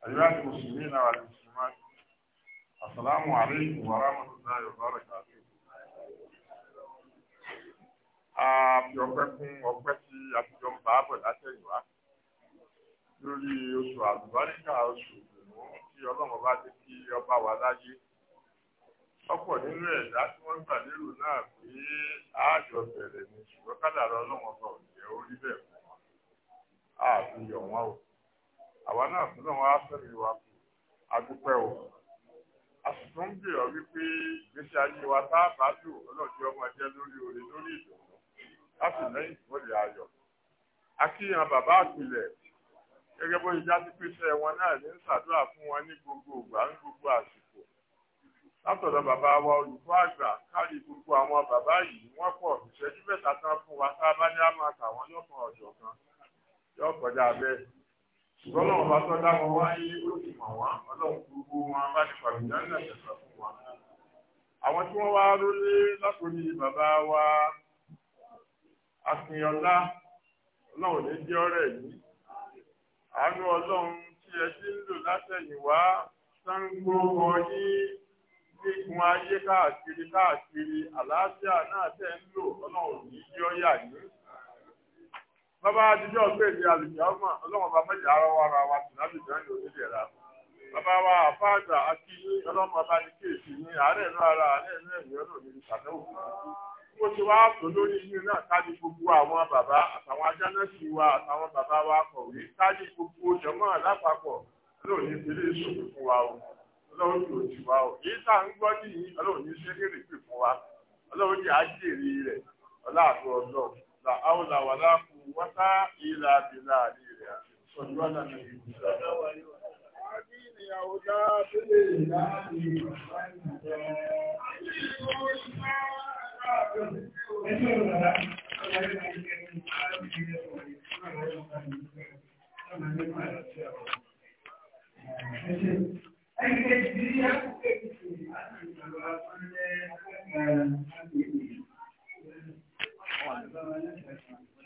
أيها المسلمين والمسلمات السلام عليكم ورحمة الله وبركاته ààbí ọpẹ́ fún tí àtijọ́ ń bá bọ̀ látẹ̀yìnwá lórí oṣù àlùbáríkà oṣù ìdùnnú tí ọlọ́run bá ti kí ọba wa láyé ọ̀pọ̀ nínú ẹ̀dá tí wọ́n gbà lérò náà pé bẹ̀rẹ̀ ṣùgbọ́n ọlọ́run ọba ò jẹ́ orí fún wọn àwa náà tún náà wá wa kù adúpẹ́ o àsùnfún gbìyànjú wípé gbèsè ayé wa tá a bá lò ọlọ́dún ọmọ lórí orin lórí ìdùnnú bàbá àpilẹ̀ gẹ́gẹ́ bó ṣe jáde pèsè wọn náà fún wọn ní gbogbo ògbà ní gbogbo bàbá wa olùkọ́ àgbà gbogbo àwọn bàbá yìí wọ́n pọ̀ ìṣẹ́jú mẹ́ta tán fún wa tá a bá ní kan ṣùgbọ́n náà bá tọ́ dá wọn wáyé ó sì mọ̀ wọ́n ọlọ́run gbogbo wọn bá ti pàmìlá ní àjẹsà fún wọn. àwọn tí wọ́n wá rólé látòrí bàbá wa akínyọlá ọlọ́run ní jẹ́ ọ̀rẹ́ yìí àánú ọlọ́run tí ẹ ti ń lò látẹ̀yìnwá Ṣàngó ọyí gbígun ayé káàkiri káàkiri àlàáfíà náà tẹ̀ ń lò ọlọ́run ní jẹ́ ọ̀yà yìí. bàbá àtijọ́ pé ní àlùjáwọ́mà ọlọ́wọ́n bá mẹ́jọ ara wa ra wa tìlábì náà yóò nílẹ̀ ra bàbá wa àfáàgbà àti ọlọ́wọ́n bá ní kéèsì ní àárẹ̀ inú ara àárẹ̀ inú ní ti wá tó lórí gbogbo àwọn bàbá àtàwọn wa àtàwọn bàbá wa kọ̀wé káàdì gbogbo jọmọ́ àlápapọ̀ wata ila bilaliya sallwana Thank you.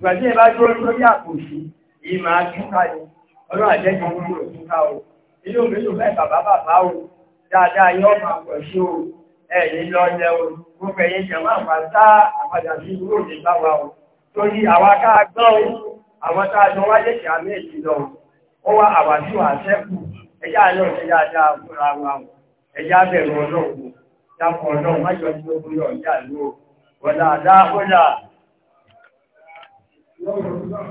Ìgbàtí ẹ bá dúró lórí àpòṣí, èyí máa túká ni, ọlọ́run àjẹ́jọ ń lò túká o. Ilé òun ló fẹ́ bàbá bàbá o, dáadáa yọ máa pọ̀ o, ẹ̀yìn lọ lẹ o, gbogbo ẹ̀yìn àpàdà sí ìwúrò ní o. Torí àwa ká gbọ́ o, àwọn tá a jọ àmì lọ, ó wá náà ṣe dáadáa fúnra wa Bákan náà, a máa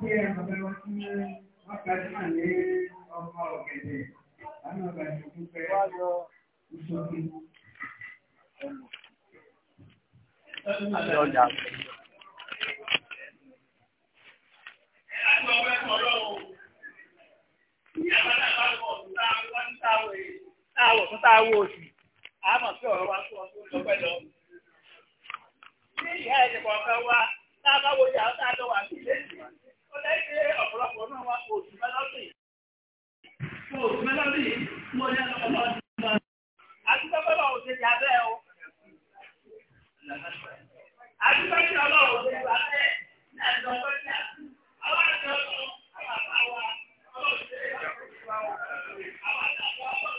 pe àbàbà wọn tí wọ́n gbajúmọ̀ ní ọmọ ọ̀gẹ̀dẹ̀. Àwọn ọ̀gá ìṣòkú pé ìṣòkú. Àti ọjà. Ẹ̀rọ ọ̀gbẹ́ sọ̀rọ̀ o. Ìyá bàbá bá wọ̀ táwọ̀ táwọ̀ táwọ̀ òsì. a mọ̀ sí ọ̀rọ̀ wa tó wọn tó lọ́pẹ́ lọ. Ní ìyá ẹni kọ̀ọ̀kan wa tá a bá wo ìyá tá a lọ wà ní ilé ó lẹ́yìn ọ̀pọ̀lọpọ̀ náà wá oṣù mẹ́lọ́dì. Oṣù mẹ́lọ́dì mo ní ọlọ́dún náà. Àtúntọ́fẹ́ bá òṣè ní abẹ́ o. Àtúntọ́fẹ́ bá òṣè abẹ́ ní àtúntọ́fẹ́ ní àwọn àjọ àwọn àbáwá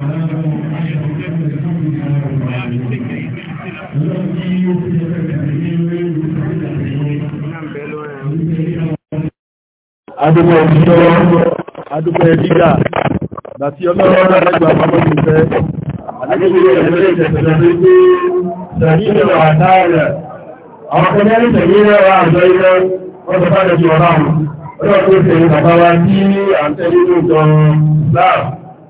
Adúgbò ìjọba, adúgbò ìdíjà, àti ọlọ́rọ̀ ẹgbà àwọn ìfẹ́, àdúgbò ìrẹ̀lẹ́ ìjẹ̀sẹ̀lẹ̀ wípé ṣàríyẹ̀ wà dáadẹ̀. Àwọn ọmọdé ṣàríyẹ̀ wà àjọ ilẹ̀ ọjọ́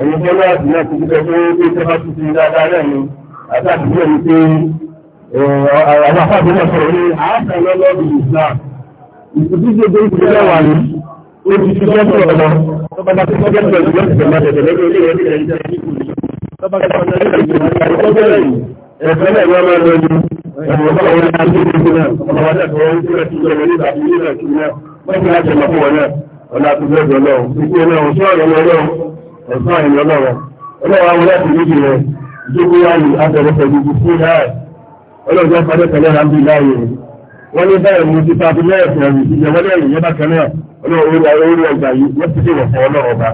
ẹ̀yin jẹ́ láti náà ti gbígbẹ́ pé pé tẹ́ bá tún ti dáadáa náà ni àtàkì bí ẹni pé àwọn afáàbí náà sọ̀rọ̀ ní àásà lọ́lọ́dún Islam ìtútíṣe tó ń ti lẹ́wà ní ó ti ti gbẹ́sọ̀ ọ̀nà ti gbẹ́sọ̀ ọ̀nà tó ti gbẹ́sọ̀ ọ̀nà tó ti gbẹ́sọ̀ ọ̀nà tó bá ti gbẹ́sọ̀ ọ̀nà ti gbẹ́sọ̀ ọ̀nà ẹ̀fẹ́ náà wọ́n máa lọ́nu ti gbìnà ọmọ wọn náà tó ń kúrẹ̀ tó jẹ́ nígbà tó yẹ náà kí náà ti láti ọmọ fún wọn náà ọ̀nà àtúgbẹ́jọ náà ìpínlẹ̀ náà ẹ̀sán ẹ̀yìn ọlọ́rọ̀ ọlọ́rọ̀ àwọn láti méjì rẹ̀ ìjókòó wáyé àtẹ̀lẹ́fẹ̀ gbogbo fún náà ọlọ́jọ́ pàdẹ́tẹ̀lẹ́ ra ń bí láàyè wọ́n ní báyìí mo ti ta bí lẹ́ẹ̀fẹ̀ rẹ̀ ìjẹ́ wọ́n lẹ́yìn yẹn bákan náà ọlọ́rọ̀ orí ọjà yìí wọ́n ti dèwọ̀ fún ọlọ́rọ̀ ọba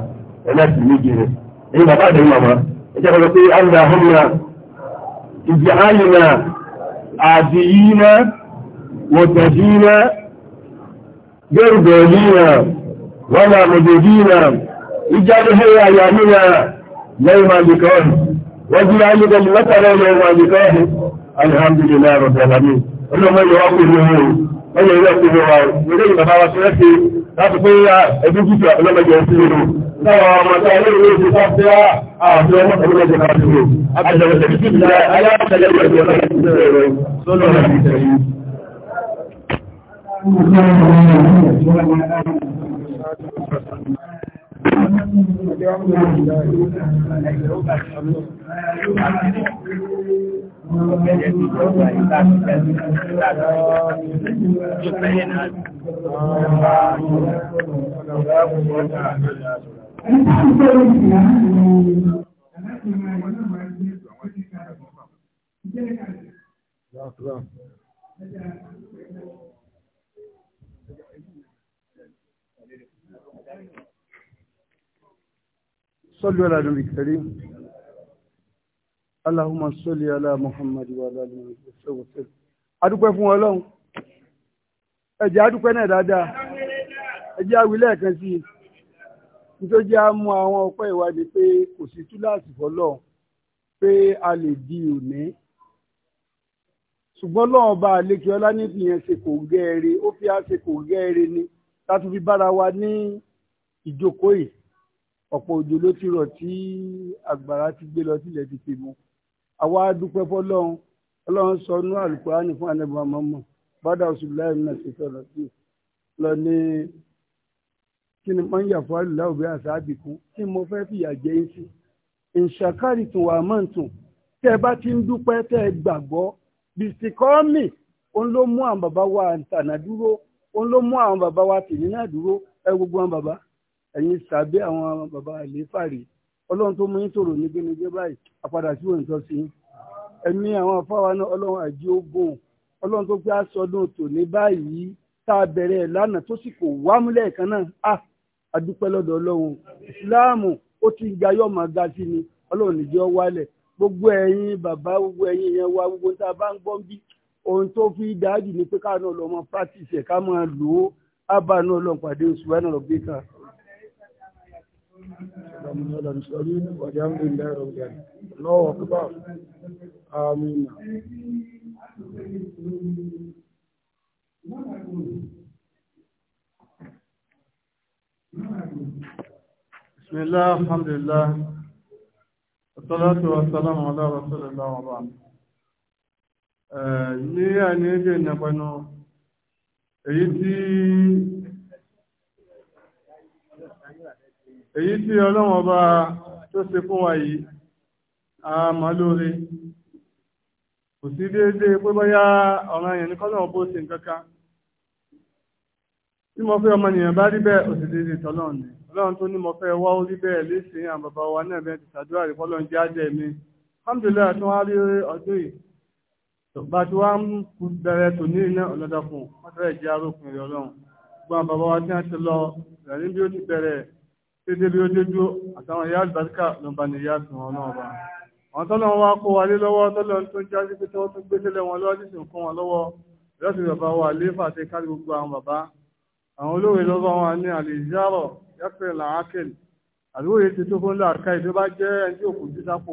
ẹlẹ́sìn إجابه أيامنا يوم ذكره وجل أيضا مثلا يوم ذكره الحمد لله رب العالمين ọlọ́run mọ́ ìyọ́wọ́ pẹ̀lú owó ọlọ́run ìyọ́wọ́ pẹ̀lú wa ilé ìbàbá wa ṣe rẹ́sì láti pé ẹbí jùlọ ọlọ́mọdé ọtí nínú láwọn ọmọ tó ilé ìwé ti sá sí àwọn ọmọ tó lọ́jọ́ máa dúró àbẹ̀lẹ̀ ọ̀sẹ̀ tí ìlà aláàtẹ̀lẹ̀ ọ̀sẹ̀ ọlọ́run ti sọ̀rọ̀ Yeah, yeah. صلوا على النبي الكريم اللهم صل على محمد وعلى اله وصحبه وسلم adúpẹ́ fún Ọlọ́run ẹ jẹ́ adúpẹ́ náà dáadáa ẹ jẹ́ àwí lẹ́ẹ̀kan sí nítorí jẹ́ á mú àwọn ọpẹ́ ìwádìí pé kò sí túláàsì fọ́lọ́run pé a lè di òní ṣùgbọ́n lọ́wọ́ bá àlejò ọlá ní ìyẹn ṣe kò gẹ́ẹ̀rẹ́ ó fi á ṣe kò gẹ́ẹ̀rẹ́ ni láti fi bára wa ní ìjókòó yìí ọ̀pọ̀ òjò ló ti rọ̀ tí àgbàrá ti gbé lọ sílẹ̀ ti tèmú àwa dúpẹ́ fọlọ́run ọlọ́run sọ inú àlùkùránì fún anẹ́bùn àmọ́mọ́ bàdà ọ̀ṣùnláì náà ti sọ̀rọ̀ sí lọ ní kí ni wọ́n ń yà fún àlùláwò bí àṣà àbìkún tí mo fẹ́ fìyà jẹ yín sí ìṣàkárì tún wà mọ́ tún tẹ́ ẹ bá ti ń dúpẹ́ tẹ́ ẹ gbàgbọ́ bìsìkọ́mì òun ló mú àwọn bàbá wa tànà dúró òun ló mú àwọn bàbá wa tìǹínà dúró ẹ gbogbo àwọn bàbá ẹ̀yin sàbí àwọn baba àléfàrí ọlọ́run tó mú yín tòrò ní gbẹnugbẹ báyìí àpadà sí òǹtọ́ sí ẹ̀mí àwọn afáwa náà ọlọ́run àjí ogun ọlọ́run tó gbé aṣọdún tòní báyìí tá a bẹ̀rẹ̀ lánàá tó sì kò wá múlẹ̀ kan náà a adúpẹ́ lọ́dọ̀ ọlọ́run ìsìláàmù ó ti ga yọ̀ máa ga sí ni ọlọ́run nìjọ wálẹ̀ gbogbo ẹ̀yin bàbá gbogbo ẹ̀yin yẹn wá gbogbo tá a bá ń gbọ́ bí ohun tó fi dájú ni pé káà náà lọ́mọ practice ẹ̀ ká máa lò ó á náà lọ́n pàdé oṣù wẹ́nà lọ́gbẹ́ka. اللهم صل على المسلمين والحمد لله رب العالمين الله اكبر امين بسم الله الحمد لله والصلاة والسلام على رسول الله وبعد ní àníyànjẹ́ ìnàpẹnu èyí tí èyí tí ọlọ́run ọba tó ṣe fún wa yìí a máa lóore kò sí déédéé pé bóyá ọ̀ràn yẹn ní kọ́lọ́run bó ṣe nǹkan kan tí mo fẹ́ ọmọnìyàn bá rí bẹ́ẹ̀ òsì déédéé tọ́lọ́run ni ọlọ́run tó ní mo fẹ́ wá ó rí bẹ́ẹ̀ léṣin àwọn bàbá wa náà bẹ́ẹ̀ ti ṣàdúrà rí fọ́lọ́run jẹ́ àjẹ́ mi alhamdulilayi tó wá rí ọdún yìí bá ti wá ń bẹ̀rẹ̀ tò ní iná ọ̀lọ́dọ̀kùn wọ́n fẹ́rẹ̀ jẹ́ arókùnrin ọlọ́run gbọ́n bàbá wa tí wọ́n ti lọ rẹ̀ ní ó ti bẹ̀rẹ̀ dédé bí ó dédó àtàwọn ìyá àlùbáríkà ló bá ní ìyá àtùn wọn náà bá àwọn tọ́lọ̀ wá kó wa lé lọ́wọ́ tọ́lọ̀ tó ń jásí pé tọ́wọ́ tó gbé sílẹ̀ wọn lọ́wọ́ sísìn kún wọn lọ́wọ́ ìrọ́sìn bàbá wa léfà àti kárí gbogbo àwọn bàbá àwọn olóòwe lọ́wọ́ wọn ní àlèjárọ̀ yàtọ̀ làákèl àdúgbò yìí ti tó fún làákà ìdó bá jẹ́ ẹni tí òkú jí sápò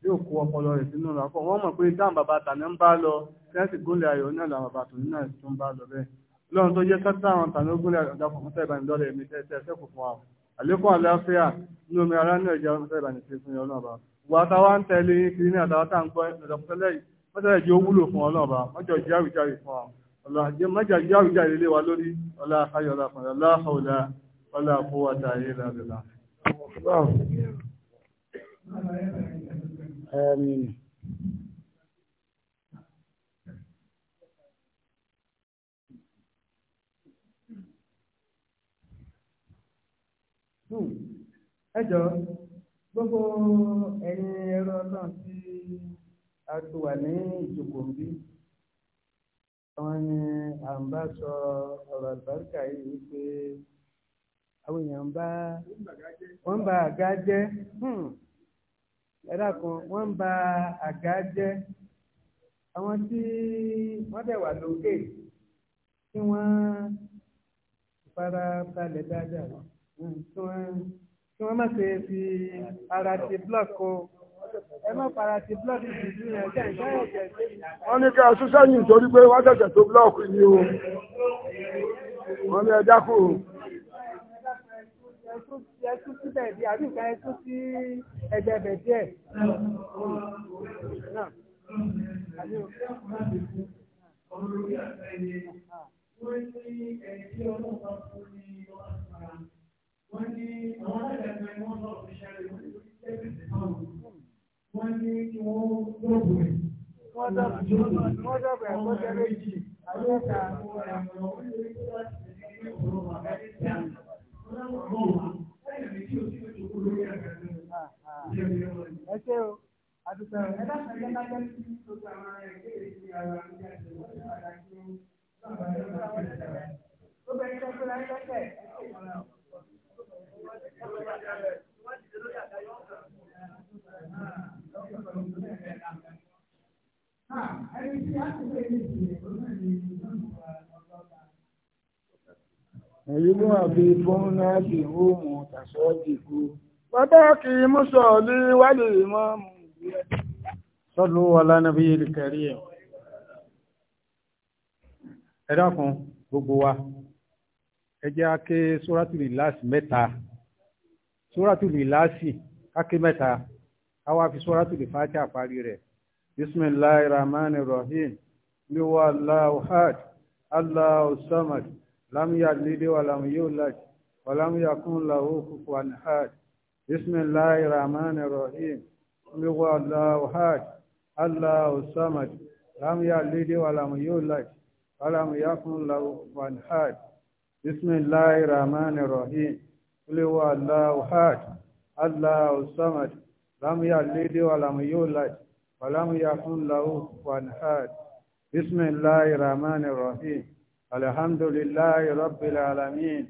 tí òkú ọpọlọ rẹ̀ sínú ràpọ̀ wọ́n mọ̀ pé dáhùn bàbá tàná ń bá lọ fẹ́ǹsì gúnlẹ̀ ayọ̀ náà làwọn bàbá tòun náà tó bá lọ bẹ́ẹ̀ lọ́run tó jẹ́ sọ́tà àwọn tàná gúnlẹ̀ àdàpọ̀ mọ́tà ìbánidọ́rẹ̀ mi tẹ́tẹ́ sẹ́kù fún wa àlékún àlàáfíà ní omi ara ní ẹ̀jẹ̀ ọ̀sẹ̀ ìbànú sí fún ọlọ́run ọba wà táwa ń tẹ̀lé kiri ní àtàwọn tá à ń gbọ́ ẹ̀dọ̀kọ̀tẹ́lẹ̀ yìí mọ́tẹ́lẹ̀ jẹ́ ó wúlò fún ọlọ́run ọba mọ́jọ jẹ́ àwùjáre fún wa ọ̀la jẹ́ mọ́jà Ejọ: hmm. gbogbo ẹ̀yin náà tí a ti wà ní ìjòkó bí àwọn ni à ń bá sọ ọ̀rọ̀ àlùbáríkà yìí wípé àwọn èèyàn ń bá wọ́n ń ba àga jẹ́ hmm. ẹ wọ́n ba àga tí wọ́n dẹ̀ wà lókè kí wọ́n má ṣe fi ara ti block o ẹ má fara ti block ìdíjú yẹn jẹ́ ìjọ ẹ̀jẹ̀ wọ́n ní ká ṣúṣẹ́ yìí nítorí pé wọ́n ṣẹ̀ṣẹ̀ tó block ni o wọ́n ní ẹja kù. ẹtú síbẹ̀ bí àbí nǹkan ẹtú sí ẹgbẹ́ ẹ̀bẹ̀ díẹ̀. Wọ́n ní ẹ̀jẹ̀ ọlọ́pàá fún ní ọ̀sán wọ́n ní àwọn aláìlẹ́gbẹ̀ẹ́ ni wọ́n sọ̀rọ̀ iṣẹ́ rẹ̀ wọ́n ní kí tẹ́bìtì náà wọ́n ní kí wọ́n lóògùn rẹ̀. wọ́n dọ̀bẹ̀ ẹ̀kọ́ tẹ́lẹ̀ jì àlọ́ta àwọn ẹ̀rọ orílẹ̀-èdè tó wá sí ilé ìwòrán àgbà ní tí a wọ́n láwọn ọ̀rọ̀ wà lẹ́yìn mi tí o sì fẹ́ tó lórí àgbàdo ẹ ṣe o àdùsọ ẹ dáhùn ẹgbẹ́ lájẹ́ sí gbogbo àwọn ẹgbẹ́ ìṣe ara ní àjẹ́ wọ́n ní àdájọ́ bàbá ẹ̀rọ tó bá wọlé tẹ̀lé tó bẹ̀rẹ̀ tẹ́kọ̀ọ́ láyé lọ́sẹ̀ ẹ̀ Ẹ̀yìnbó àbí fọ́nà bí ó tàṣọ́ dìkú. Bàbá kì í mú sọ ní wálé mọ́ mú ìgbé. Sọ́lú wọlá nàbí ìrìkẹ̀rí ẹ̀. Ẹ dákun gbogbo wa, ẹ ake Sóràtùlì láàsì mẹ́ta. Sóràtùlì láàsì ake mẹ́ta, A wá fi Sóràtùlì parí rẹ̀. bismillahir rahmanir rahim ní wà láwù hajj aláwù samad lámúyà lídé wà lámú yóò lájì wà lámúyà kún láwù kúkú wà ní hajj bismillahir rahmanir rahim ní wà láwù hajj aláwù samad lámúyà lídé wà lámú yóò lájì wà lámúyà kún láwù kúkú wà ní hajj bismillahir rahmanir rahim ní wà láwù hajj aláwù samad lámúyà lídé wà lámú yóò lájì. ولم يكن له كفوا أحد بسم الله الرحمن الرحيم الحمد لله رب العالمين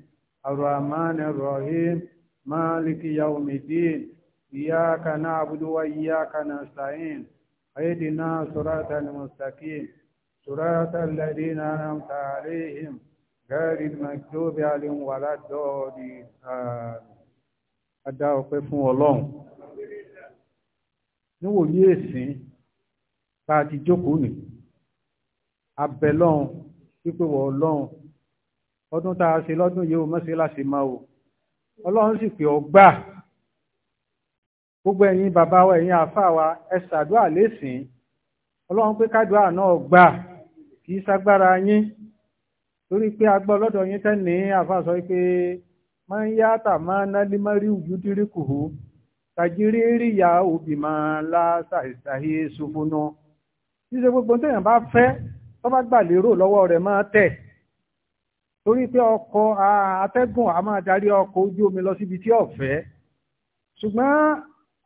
الرحمن الرحيم مالك يوم الدين إياك نعبد وإياك نستعين اهدنا صراط المستقيم صراط الذين أنعمت عليهم غير المكتوب عليهم ولا الضالين adáwọ̀ pẹ́ fún ọlọ́run níwòye èsìn bá a ti jókòó nì abẹ lọ́hùn wípé wọ̀ ọlọ́hùn ọdún tá a ṣe lọ́dún yìí ó mọ́sí láti máa o ọlọ́run sì pè ọ́ gbogbo ẹ̀yin bàbá wa ẹ̀yin àáfàá wa ẹ ṣàdúrà lẹ́sìn ọlọ́run pé kádùá náà gbà kì í ṣagbára yín torí pé agbọ́ ọlọ́dọ̀ yín tẹ́ni àáfàá sọ pé máa ń yá tà máa ná lé má rí ojú dírí kùhù tàjírí ríyà òbí máa lá ṣàìṣàyé ṣubú náà ṣíṣe gbogbo téèyàn bá fẹ́ tó bá gbà lérò lọ́wọ́ rẹ̀ máa tẹ̀ torí pé ọkọ̀ atẹ́gùn a máa darí ọkọ̀ ojú omi lọ síbi tí ọ̀fẹ́ ṣùgbọ́n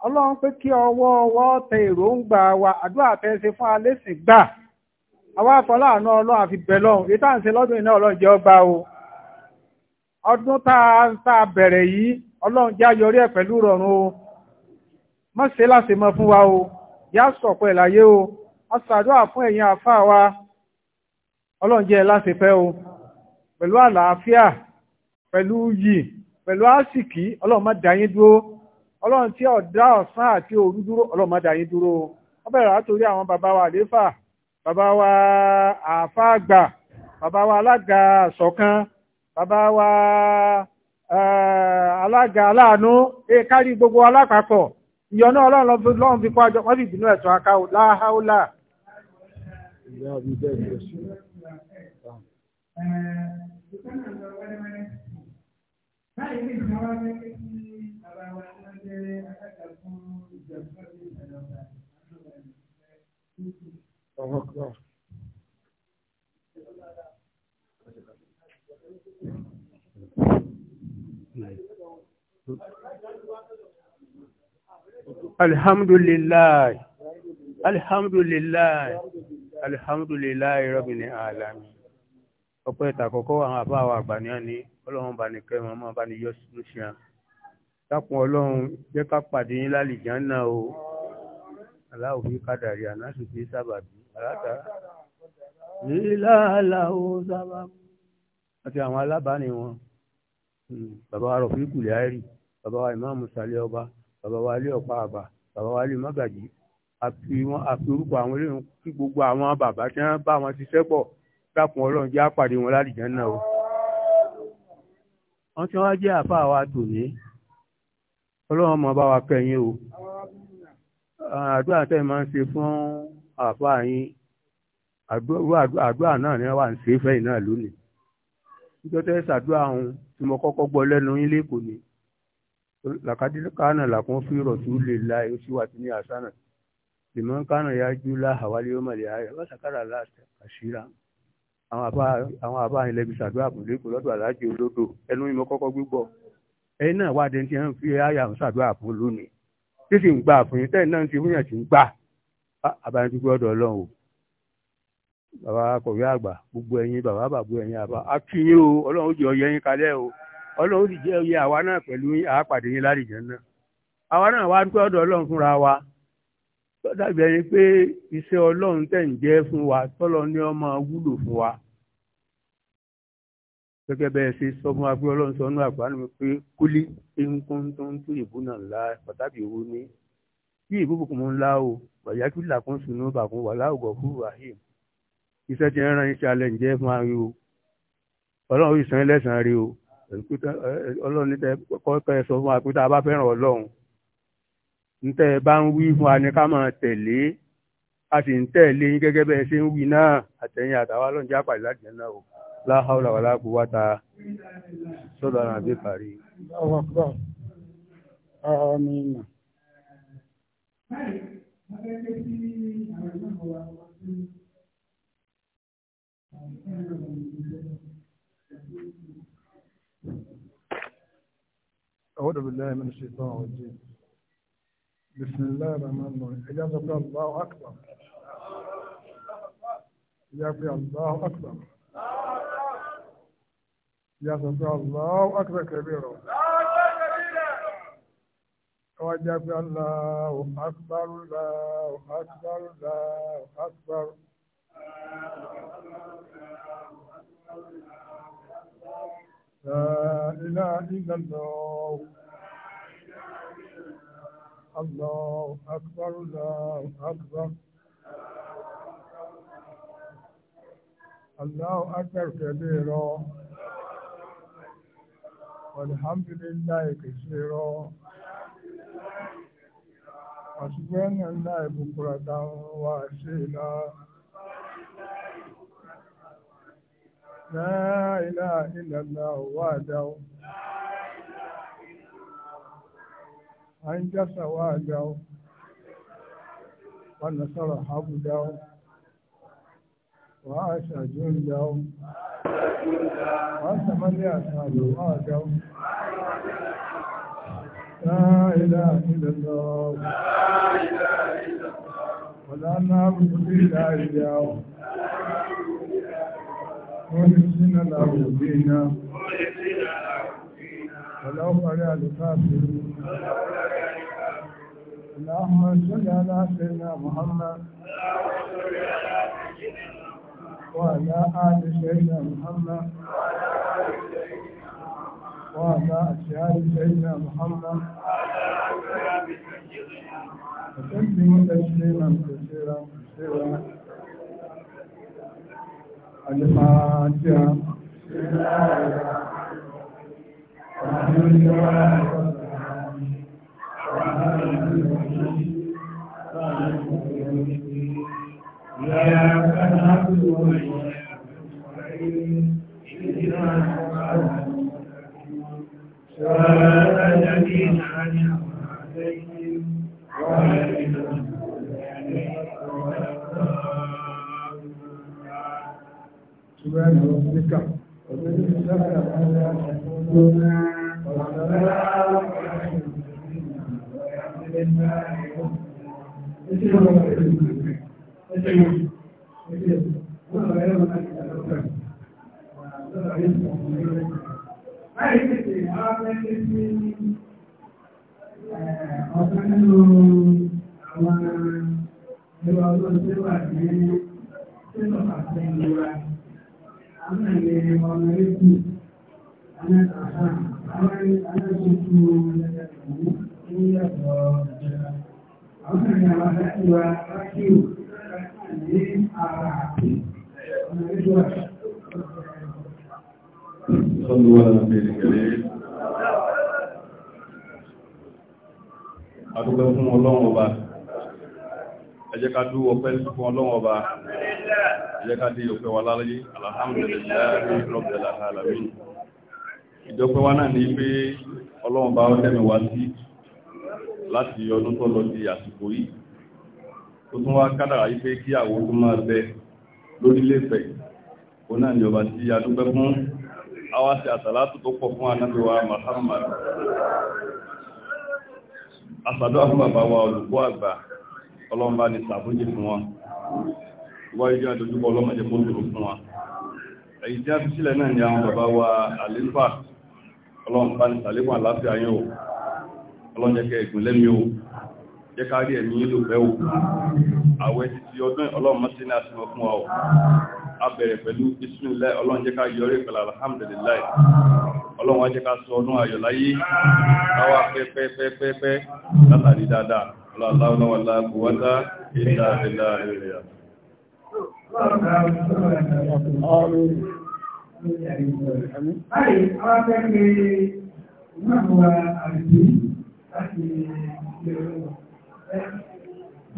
ọlọ́run pé kí ọwọ́ ọwọ́ tẹ èròǹgbà wa àdúrà tẹ́ ṣe fún alẹ́ sì gbà àwa afọláàánú ọlọ́run àfi bẹ̀ lọ́hùn èyí tá à ń ṣe lọ́dún iná ọlọ́run jẹ́ ọba o ọdún tá a bẹ̀rẹ̀ yìí ọlọ́run jẹ́ ayọrí ẹ̀ pẹ̀lú rọrùn o má ṣe láṣemọ fún wa o yá sọ̀pọ̀ ẹ̀ láyé o a ṣàdúrà fún ẹ̀yin àfáà wa ọlọ́run jẹ́ láti pẹ́ o pẹ̀lú àlàáfíà pẹ̀lú yì pẹ̀lú àsìkí ọlọ́run má dá yín dúró ọlọ́run tí ọ̀dá ọ̀sán àti òru dúró ọlọ́run má dá yín dúró ó bẹ̀rẹ̀ látòrí àwọn bàbá wa àléfà bàbá wa àáfàá àgbà bàbá wa alága àṣọ̀kan bàbá wa eh, alága aláàánú kárí gbogbo alápapọ̀ ìyọ́nú ọlọ́run lọ́n fi kọ́ àjọ wọ́n sì bínú ẹ̀sùn akáwò láháúlà ìyá mi bẹ́ẹ̀ ni oṣù báyìí ní ìjọba ní kí bàbá wa tí wọ́n jẹ́ akẹ́kọ̀ọ́ fún ìjọba ní ìjọba ọ̀họ́kọ́. Alhamdulillah. Alhamdulillah alihamudulilayi rọ́bìnì alami ọpẹ́ ìtàkọ́kọ́ àwọn àbá àwọn àgbàníyàn ni ọlọ́run bá ní kẹrin ọmọ bá ní yọ lóṣìá dákun ọlọ́run jẹ́ ká pàdé yín lálìjá náà o aláwọ̀ fi kádàrí ànáṣù fi sábàbí aláta líláàláwò sábàbí àti àwọn alábàání wọn hmm, bàbá wa rọ̀fíkù lẹ́hárì bàbá wa ìmáàmù sálẹ̀ ọba bàbá wa alẹ́ ọ̀pá àbà bàbá wa alẹ́ mọ́gàjì àfi wọn àfi orúkọ àwọn eléyìí kí gbogbo àwọn bàbá tí wọn bá wọn ṣiṣẹ́ pọ̀ dákun Ọlọ́run jẹ́ àpàdé wọn lálìjẹ náà o. wọn tí wọn jẹ́ àfa àwa tòní Ọlọ́run mọ bá wa kẹ́yìn o. àdúrà tẹ́ máa ń ṣe fún àfa yín àdúrà náà ni wà ń ṣe fẹ́yìn náà lónìí. nítorí tẹ́ sàdúrà ọ̀hún tí mo kọ́kọ́ gbọ́ lẹ́nu yín lẹ́kọ̀ọ́ ni làkàdínlẹ́kàánà làkún fírọ̀ tó lè la èyí tí ní lèmọ́ kánà ya jú láhàwálé ó mọ̀lẹ́ ààrẹ wọ́n àwọn àbá ilẹ̀ ibi kò lọ́dọ̀ aláàjì olódò ẹnu ìmọ̀ kọ́kọ́ gbígbọ́ ẹni náà wá dẹ́ntì ẹ̀ fi àyà ń sàdúrà fún lónìí tí sì ń gbà fún yín tẹ́ẹ̀ náà ti fún yàn ń gbà abáyẹ̀dúgbò ọ̀dọ̀ gbogbo ẹ̀yin bàbá bàbá ẹ̀yin àbá akínyìn o ọlọ́run jẹ́ ọyẹ yín o ọlọ́run sì jẹ́ ọyẹ àwa náà pẹ̀lú àápàdé yín náà àwa náà wá dúpẹ́ tọ́tàbí ẹni pé iṣẹ́ ọlọ́run tẹ̀ ń jẹ́ fún wa tọ́lọ ní ọmọ wúlò fún wa gẹ́gẹ́ bẹ́ẹ̀ ṣe sọ fún wa pé ọlọ́run sọ ní àgbáyé mi pé kúlí eékún tó ń tún ìbú náà la pàtàkì ìwú ní bí ìbú kò mọ ńlá o bàyákú làkún sunu bàkún wà láwùgọ̀ fún rahim iṣẹ́ ti ń ran iṣẹ́ alẹ́ ń jẹ́ fún ari o ọlọ́run ìsàn ẹlẹ́sàn rí o ọlọ́run ní tẹ́ kọ́ ẹ sọ fún wa pé tá ntẹ́ ẹ bá ń wí fún wa ni ká máa tẹ̀lé a sì ń tẹ̀lé yín gẹ́gẹ́ bẹ́ẹ̀ ṣe ń wí náà àtẹ̀yìn àtàwọn alọ́njẹ́ àpàdé láti jẹ́ náà o láhàúlà wà láàkú wá ta sọ́dọ̀ àwọn àbí parí. أعوذ بالله من الشيطان الرجيم بسم الله الرحمن الرحيم إجابة الله أكبر الله أكبر إجابة الله أكبر يا سبحان الله أكبر كبيرا لا كبيرا الله أكبر لا أكبر لا أكبر لا إله إلا الله الله أكبر الله أكبر الله أكبر كبيرا والحمد لله كثيرا وسبحان الله بكرة وأصيلا لا إله إلا الله وحده أنجس وعده ونصر عبده وعاش جنده وثمن يسأل وعده لا إله إلا الله ولا نعبد إلا إياه مخلصين له دينا ولو فرع الكافرون اللهم صل على سيدنا محمد وعلى آل سيدنا محمد وعلى أشياء سيدنا محمد وسلم تسليما كثيرا كثيرا الفاتحة بسم الله الرحمن الرحيم إياك نعبد وإياك صلوا على النبي الكريم adúgbẹ́ fún ọlọ́run ọba ẹjẹ́ ká dú ọpẹ́ fún ọlọ́run ọba ẹjẹ́ ká dí ọpẹ́ wa láláyé alhamdulillahi rabbil alamin ìjọpẹ́ wa náà ní pé ọlọ́run láti ọdún tó lọ di àsìkò yìí tó tún wá kádàrà yí pé kí àwọn tó máa bẹ lórílẹ̀-èdè ni ọba tí adúgbẹ́ fún àwa atalatu àsàlátù tó pọ̀ fún Ànábì wa Muhammad àsàdó àwọn wa olùkọ́ àgbà ọlọ́mbà ní fún wọn wọ́n jẹ́ àdójúkọ ọlọ́mọdé kó dúró fún wọn èyí tí a fi sílẹ̀ náà ni o jẹ́ ká rí ẹ̀mí ìlú fẹ́ o títí ọdún fún abẹ̀rẹ̀ pẹ̀lú bismillah ọlọ́run jẹ́ ká yọrí pẹ̀lú alhamdulillah ọlọ́run jẹ́ ká sọ ọdún ayọ̀ láyé káwà pẹ́pẹ́pẹ́pẹ́ látàrí dáadáa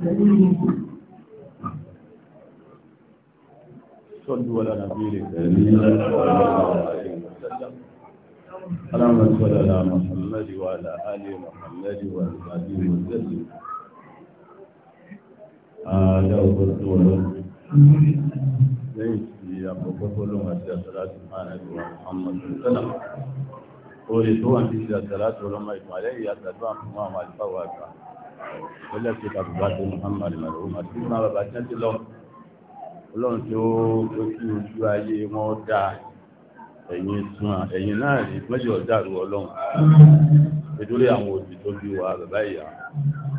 Thank you. صلوا على نبيك اللهم صل على محمد وعلى ال محمد وعلى وسلم هذا هو الدور lẹ́yìn tí àkọ́kọ́ tọ́lọ́wọ́ àti àtàlátì máa rẹ̀ wà Muhammadu sallam o lè tó wọ́n ti ṣe àtàlátì ọlọ́mọ ìpàlẹ́ ìyàtàtọ́ àfihàn àwọn àlùfáwà àgbà ó lẹ́sẹ̀ tàbí bá tó Muhammadu mẹ́rin ó máa ti ọlọ́run tí ó tó kí ojú ayé wọn dá ẹ̀yìn súnmọ́ ẹ̀yìn náà rí mẹ́jọ dàrú ọlọ́run ìdúrí àwọn òbí tó bí wa bàbá ìyá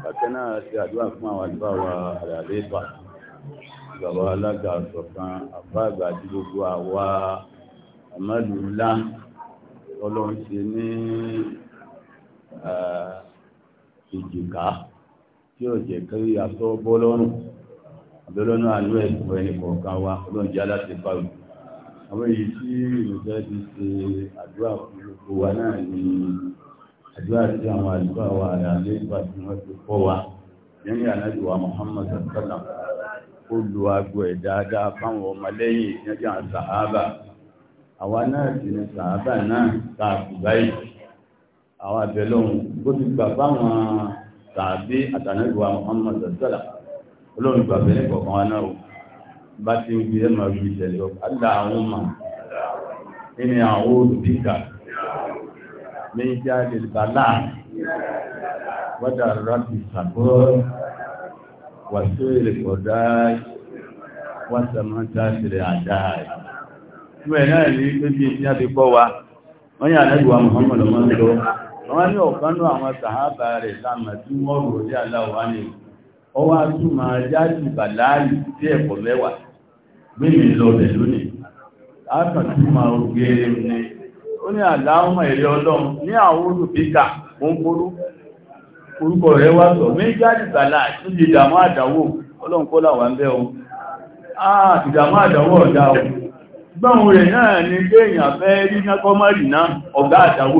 bàtẹ́ náà ṣe àdúrà fún àwọn àdúrà wa àràlẹ́ ìbà ìgbàwà alága ọ̀sọ̀kan àbá àgbà àti gbogbo àwa àmàlù ńlá ọlọ́run ṣe ní ìjìká tí ó jẹ́ kí atọ́ bọ́ lọ́rùn lọ́lọ́nà àánú ẹ̀sùn ẹni kọ̀ọ̀kan wa ọlọ́run jẹ́ aláṣẹ fáwọn àwọn èyí tí ìrìnàjò ti ṣe àdúrà gbogbo wa náà ni àdúrà tí àwọn àdúrà wa rà lẹ́gbà tí wọ́n ti kọ́ wa lẹ́yìn ànájùwà Muhammad sallá ó lu aago ẹ̀ dáadáa fáwọn ọmọlẹ́yìn ìyájọ́ àwọn sàhábà àwa náà sì ni sàhábà náà ta àkùbá yìí àwọn àbẹ̀lọ́hùn bó ti gbà fáwọn sàábé àtànájùwà Muhammad sallá ọlọ́run gbà bẹ́ẹ̀ kọ̀ọ̀kan wa náà o bá ti ń fi ẹ̀ máa fi ìṣẹ̀lẹ̀ ọ àdá àwọn ọmọ nínú àwọn olùdíkà ní ìjà ìdìbàlá wọ́dà rábì sàbọ̀ wàṣẹ ìrẹ̀kọ̀dá wàṣàmọ́ta ìrẹ̀ àdá ẹ̀. Ìwẹ̀ náà ní pépí tí a fi kọ́ wa, wọ́n yà lẹ́gbẹ̀wà Muhammadu Mọ́sọ́, wọ́n ní ọ̀kanú àwọn sàhábà rẹ̀ láàmà tí wọ́n rò ní aláwọ̀ wá ní ọwọ́ àtúmọ̀ ajáàjù bàláàlì tí ẹ̀kọ́ lẹ́wà gbémi lọ́bẹ̀ lónìí látàtúmọ̀ ògèrè ní ó ní àláhùnmọ̀ èrè ọlọ́run ní àwọn olùbíkà kóńkóró orúkọ rẹ̀ wá sọ méjáàjù bàláàlì tó di ìdààmú àdáwò ọlọ́run kó làwà ń ni pé èèyàn fẹ́ rí nákọ́mọ́rì náà ọ̀gá àdáwò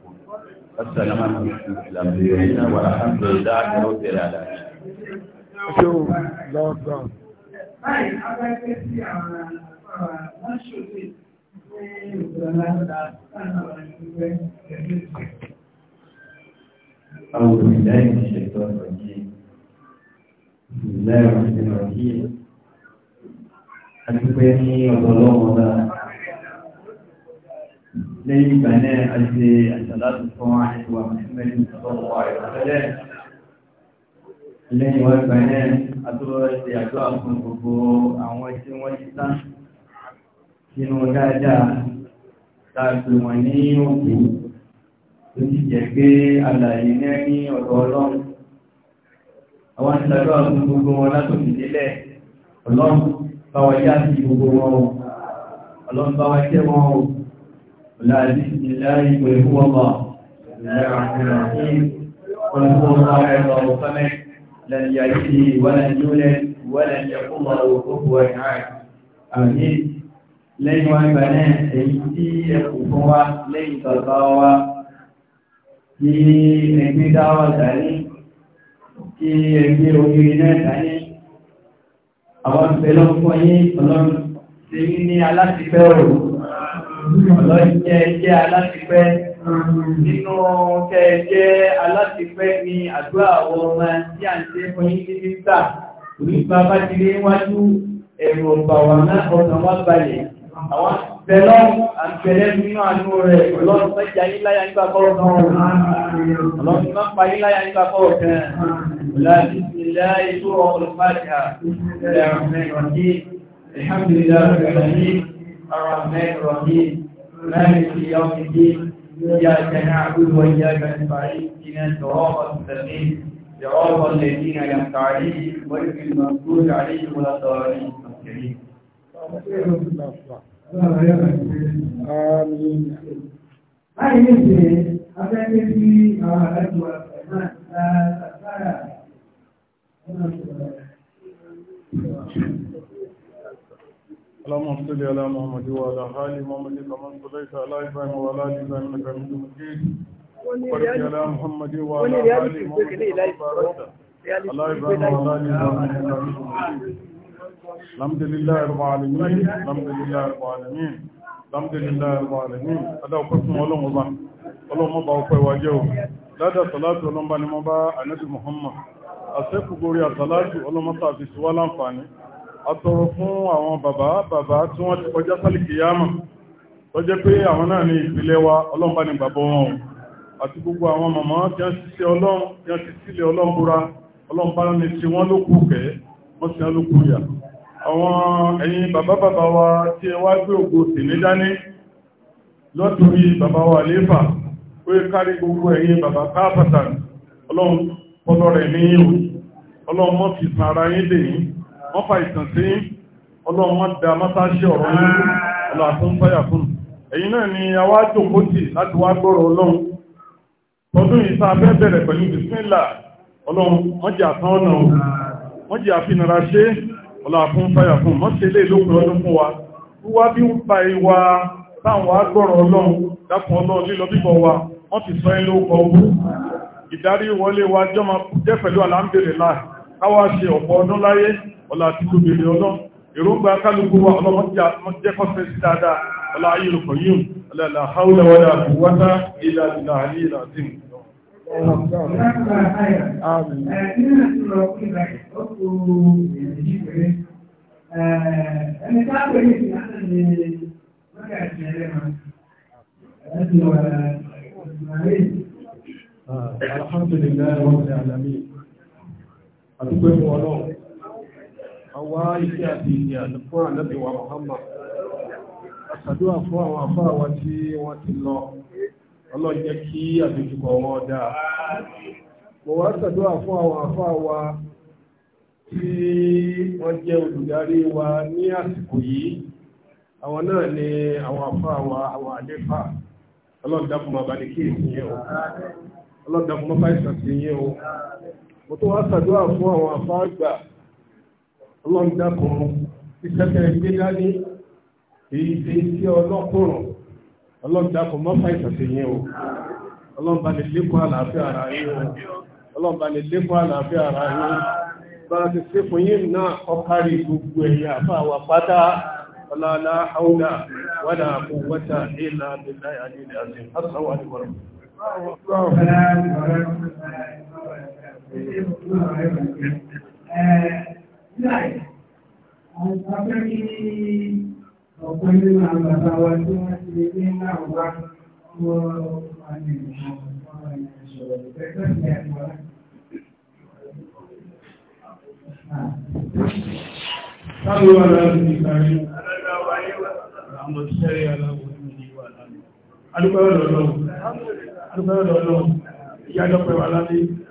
والسلام عليكم والحمد لله رب العالمين شوف لا أكبر أعوذ بالله من الشيطان الرجيم بسم الله الرحمن الرحيم أتقني وظلمنا lẹ́yìn ìgbà náà a ṣe àṣàlátù fún àìwà mẹ́rin ìṣọ́pọ̀ àìwàfẹ́lẹ́ lẹ́yìn wọ́n ìgbà náà a tó ṣe àjọ àfún gbogbo àwọn tí wọ́n ti tán nínú dáadáa tàbí wọn ní òkú tó ti jẹ́ pé alàyé náà ní ọ̀dọ̀ ọlọ́run àwọn ìṣàjọ àfún gbogbo wọn látòkè délẹ̀ ọlọ́run báwọn yá sí gbogbo wọn ọlọ́run báwọn jẹ́ wọn ò ولا بسم الله قل هو الله بسم الله الرحمن هو الله الله لن يأتي ولن يولد ولن يقوم له كفوا أحد آمين lẹ́yìn wọn gbà náà èyí tí ẹkù fún wa lẹ́yìn tọ̀tọ̀ wa kí ẹgbẹ́ ògiri náà dání àwọn ìpẹ́lọ́pọ̀ yí ọlọ́run ṣe ní aláṣẹ́fẹ́ ọ̀rọ̀ ọ̀lọ́ ìjẹ́ ẹjẹ́ alátipẹ́ nínú tẹ́ ẹjẹ́ alátipẹ́ ni àdúrà àwọn ọmọ tí à ń ṣe fún yí sí títà orí bàbá ti rí wájú ẹ̀rù ọ̀bà wà náà ọ̀nà wá balẹ̀ àwọn الرحمن الرحيم مالك يوم الدين إياك نعبد وإياك نستعين اهدنا صراط المستقيم صراط الذين أنعمت عليهم غير المغضوب عليهم ولا الضالين آمين báyìí ní ṣe اللهم صل على محمد وعلى ال محمد كما صليت على ابراهيم وعلى ال ابراهيم انك حميد مجيد وبارك على محمد وعلى ال محمد كما باركت على ابراهيم وعلى ال ابراهيم انك حميد مجيد الحمد لله رب العالمين الحمد لله رب العالمين الحمد لله رب العالمين هذا ọpẹ́ fún Ọlọ́run ọba Ọlọ́run ọba ọpẹ́ wa jẹ́ o lada salatu Ọlọ́run ba ni mo bá anabi Muhammad aseku gori asalatu Ọlọ́run àtọrọ fún àwọn bàbá bàbá tí wọ́n ti kọjá sálìkì yámà tó jẹ́ pé àwọn náà ní ìpìlẹ̀ wa ọlọ́run bá ní bàbá wọn àti gbogbo àwọn màmá tí wọ́n ti sí ọlọ́run tí wọ́n ti sílẹ̀ ọlọ́run búra ọlọ́run bá ní sí wọ́n lókù kẹ́ wọ́n sì wọ́n lókù yà àwọn ẹ̀yin bàbá bàbá wa tí ẹ wá gbé ògo sì ní dání lọ́tòrí bàbá wa léfà pé kárí gbogbo ẹ̀yin bàbá káàpàtà ọlọ́run pọ́lọ́ mọ́ fi sàárá yín dè wọ́n fa ìtàn sí ọlọ́run wọ́n da mọ́sáṣí ọ̀rọ̀ nínú ọlọ́ àtún fáyà fún èyí náà ni a wá jòkó tì láti wá gbọ́rọ̀ ọlọ́run tọdún ìta abẹ́ bẹ̀rẹ̀ pẹ̀lú bisimilà ọlọ́run wọ́n jẹ́ àtàn ọ̀nà wọ́n jẹ́ àfinara ṣe ọlọ́ àtún fáyà fún wọ́n ṣe lé lókun ọdún fún wa wíwá bí ń pa ìwà táwọn agbọ́rọ̀ ọlọ́run dákun ọlọ́run lílọ ìdarí wọlé wa jọ́ máa jẹ́ pẹ̀lú àlàmbèrè láì káwàá ṣe ọ̀pọ̀ ọdún láyé ọlá àti lóbìnrin ọlọ́ èròǹgbà kálukú wa ọlọ́mọdéjẹ́kọ́fẹ́ sí dáadáa ọlá ayélujọ eh, yìí ọlá haúlẹ̀ wọlé àbúwátá ilẹ̀ àdìlà àní ìlàdìm Ẹni tá pè ní ìlànà ni mọ́kà ìṣẹ̀lẹ̀ máa. Ẹni wà láàrín àdúgbò fún ọlọ́run àwa iṣẹ́ àti ìyàlẹ̀ fún ànábì wa Muhammad àṣàdúrà fún àwọn àfáà wa tí wọ́n ti lọ ọlọ́run jẹ́ kí àdójúkọ wọn dáa mo wá ṣàdúrà fún àwọn àfáà wa tí wọ́n jẹ́ olùdarí wa ní àsìkò yìí àwọn náà ni àwọn àfáà wa àwọn àdéfà ọlọ́run dákun máa bá ní kí èsì yẹn o ọlọ́run dákun máa bá ìsàtì yẹn mo tó wá ṣàdúrà fún àwọn àfáàgbà ọlọ́run dákun ìṣẹ́kẹ̀ gbé dání èyí tí sí ọlọ́kùnrùn ọlọ́run dákun mọ́fà ìṣẹ̀ṣẹ̀ yẹn o ọlọ́run àlàáfíà ara yín o bá ti ṣe fún náà ọkárí gbogbo ẹ̀yà àfáàwà pátá wádà wọ́ta àti Àìsàfẹ́ kí ọ̀pọ̀ ilé máa bàbá wa tí wọ́n ti lè ní náà wá fún ọmọ ìrìnàjò ọmọ ìrìnàjò ìgbẹ́gbẹ́ ìgbẹ́gbẹ́ صلوا على نبينا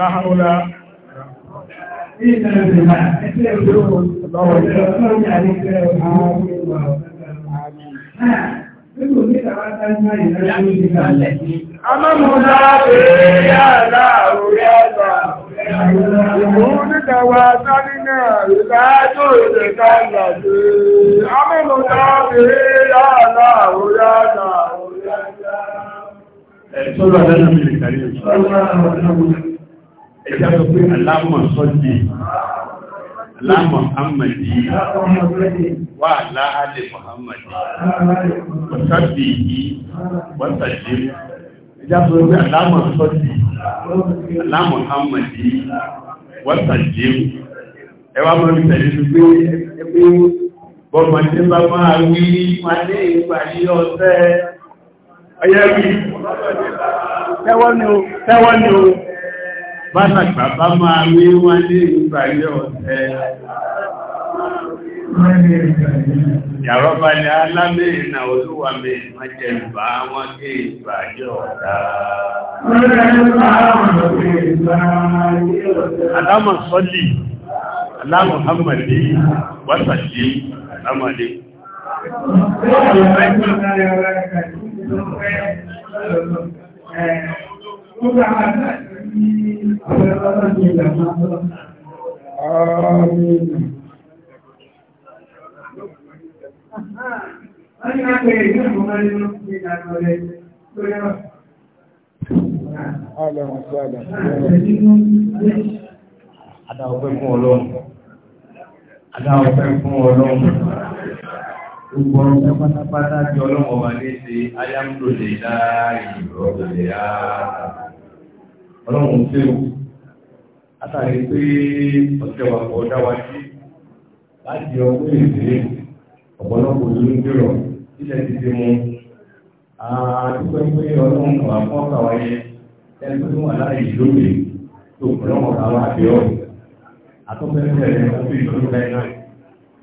láhàúlá Amámúdá bèèrè yàrá orí ọ̀tà, ìwọ̀n nígbàwà sáré náà ìlàájò ìrẹ̀ká ìlàjò. Amámúdá bèèrè yàrá orí ọ̀tà, ẹ̀tọ́lọ̀ ẹ̀lẹ́mìlì kàrí ìṣọ́lọ́ ẹjá sọ pé aláàmọ̀ sọ́jì aláàmọ̀ amàdì wà láàálẹ̀ Muhammad wọ́sàbì yìí wọ́sàdé ẹjá sọ pé aláàmọ̀ sọ́jì aláàmọ̀ amàdì wọ́sàdé ẹwà mọ́ bí tẹ̀lé tó gbé ẹgbẹ́ bọ́mọdé bá máa wí máa ní ìpàdé ọ̀sẹ̀ ni o Bálàgbà bá máa ní wá ní ọ̀tẹ́. Yàrá bá ní alámẹ́ ìnà olúwa mi má jẹ ìbá wọn kí ìgbàyẹ ọ̀tá. Alámọ̀ sọ́lì, alámọ̀ hàmàdé, آمين Ààlẹ̀ ọ̀sọ́lẹ̀. Adá ọpẹ́ fún Ọlọ́run. Adá ọpẹ́ fún Ọlọ́run. Gbogbo ọpẹ́ pátápátá jọ ọlọ́run ọba ní ṣe ayámúlò lè dáa ìrọ̀lẹ̀ ààrẹ ọlọ́run tí ó látàrí pé ọ̀tẹ́ wa kọ̀ ọ̀dá wa sí láti ọdún èdè ọ̀pọ̀lọpọ̀ lórí dìrọ̀ sílẹ̀ ti ti mú àdúgbẹ́ pé ọlọ́run kàwà fún ọkà wáyé ẹgbẹ́ tó wà láàyè lóde tó ọlọ́run kà wá àbí ọ̀rọ̀ àtọ́fẹ́fẹ́ rẹ̀ wọ́n fi ìlú rẹ̀ náà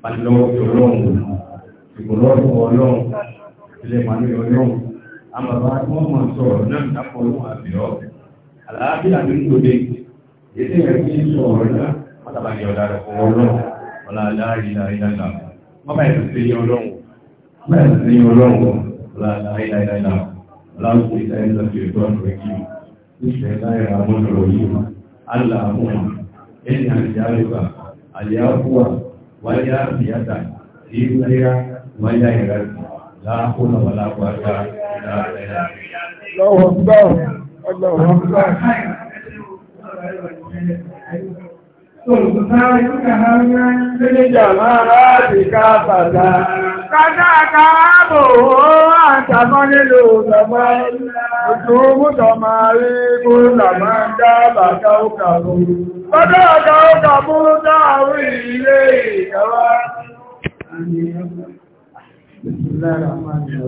pàdé lọ́wọ́ sí ọlọ́run ìgbòlọ́rùn ọlọ́run tí wọ́n mọ̀ sọ̀rọ̀ náà dápọ̀ ọlọ́run àbí ọ̀rọ̀ àlàáfíà ní ìgbòdè ètò ẹ̀kí sọ ọ̀rọ̀ náà pátápàá yọ̀dá rẹ̀ fún ọlọ́run ọlá aláàrílà ìlànà mọ́bà ẹ̀sùn sí ọlọ́run mọ́bà ẹ̀sùn sí ọlọ́run ọlá aláàrílà ìlànà aláàrílà ìlànà ìlànà ìlànà ìlànà ìlànà ìlànà اللهم إن رجالك اليافوة ولا بيدا إبريا ولا إرد لا حول ولا قوة إلا بالله الله أكبر Kàdáàkà ààbò àtàmọ́lélò ọ̀dọ̀mọ́ ìtòmútọ̀mà rí gúrùnàmà dábàkà òkàrò. Kàdáàkà òkàrò dáàrí ilé ìjọwà. Àmì ọ̀pọ̀. Bìsìlára máa jọ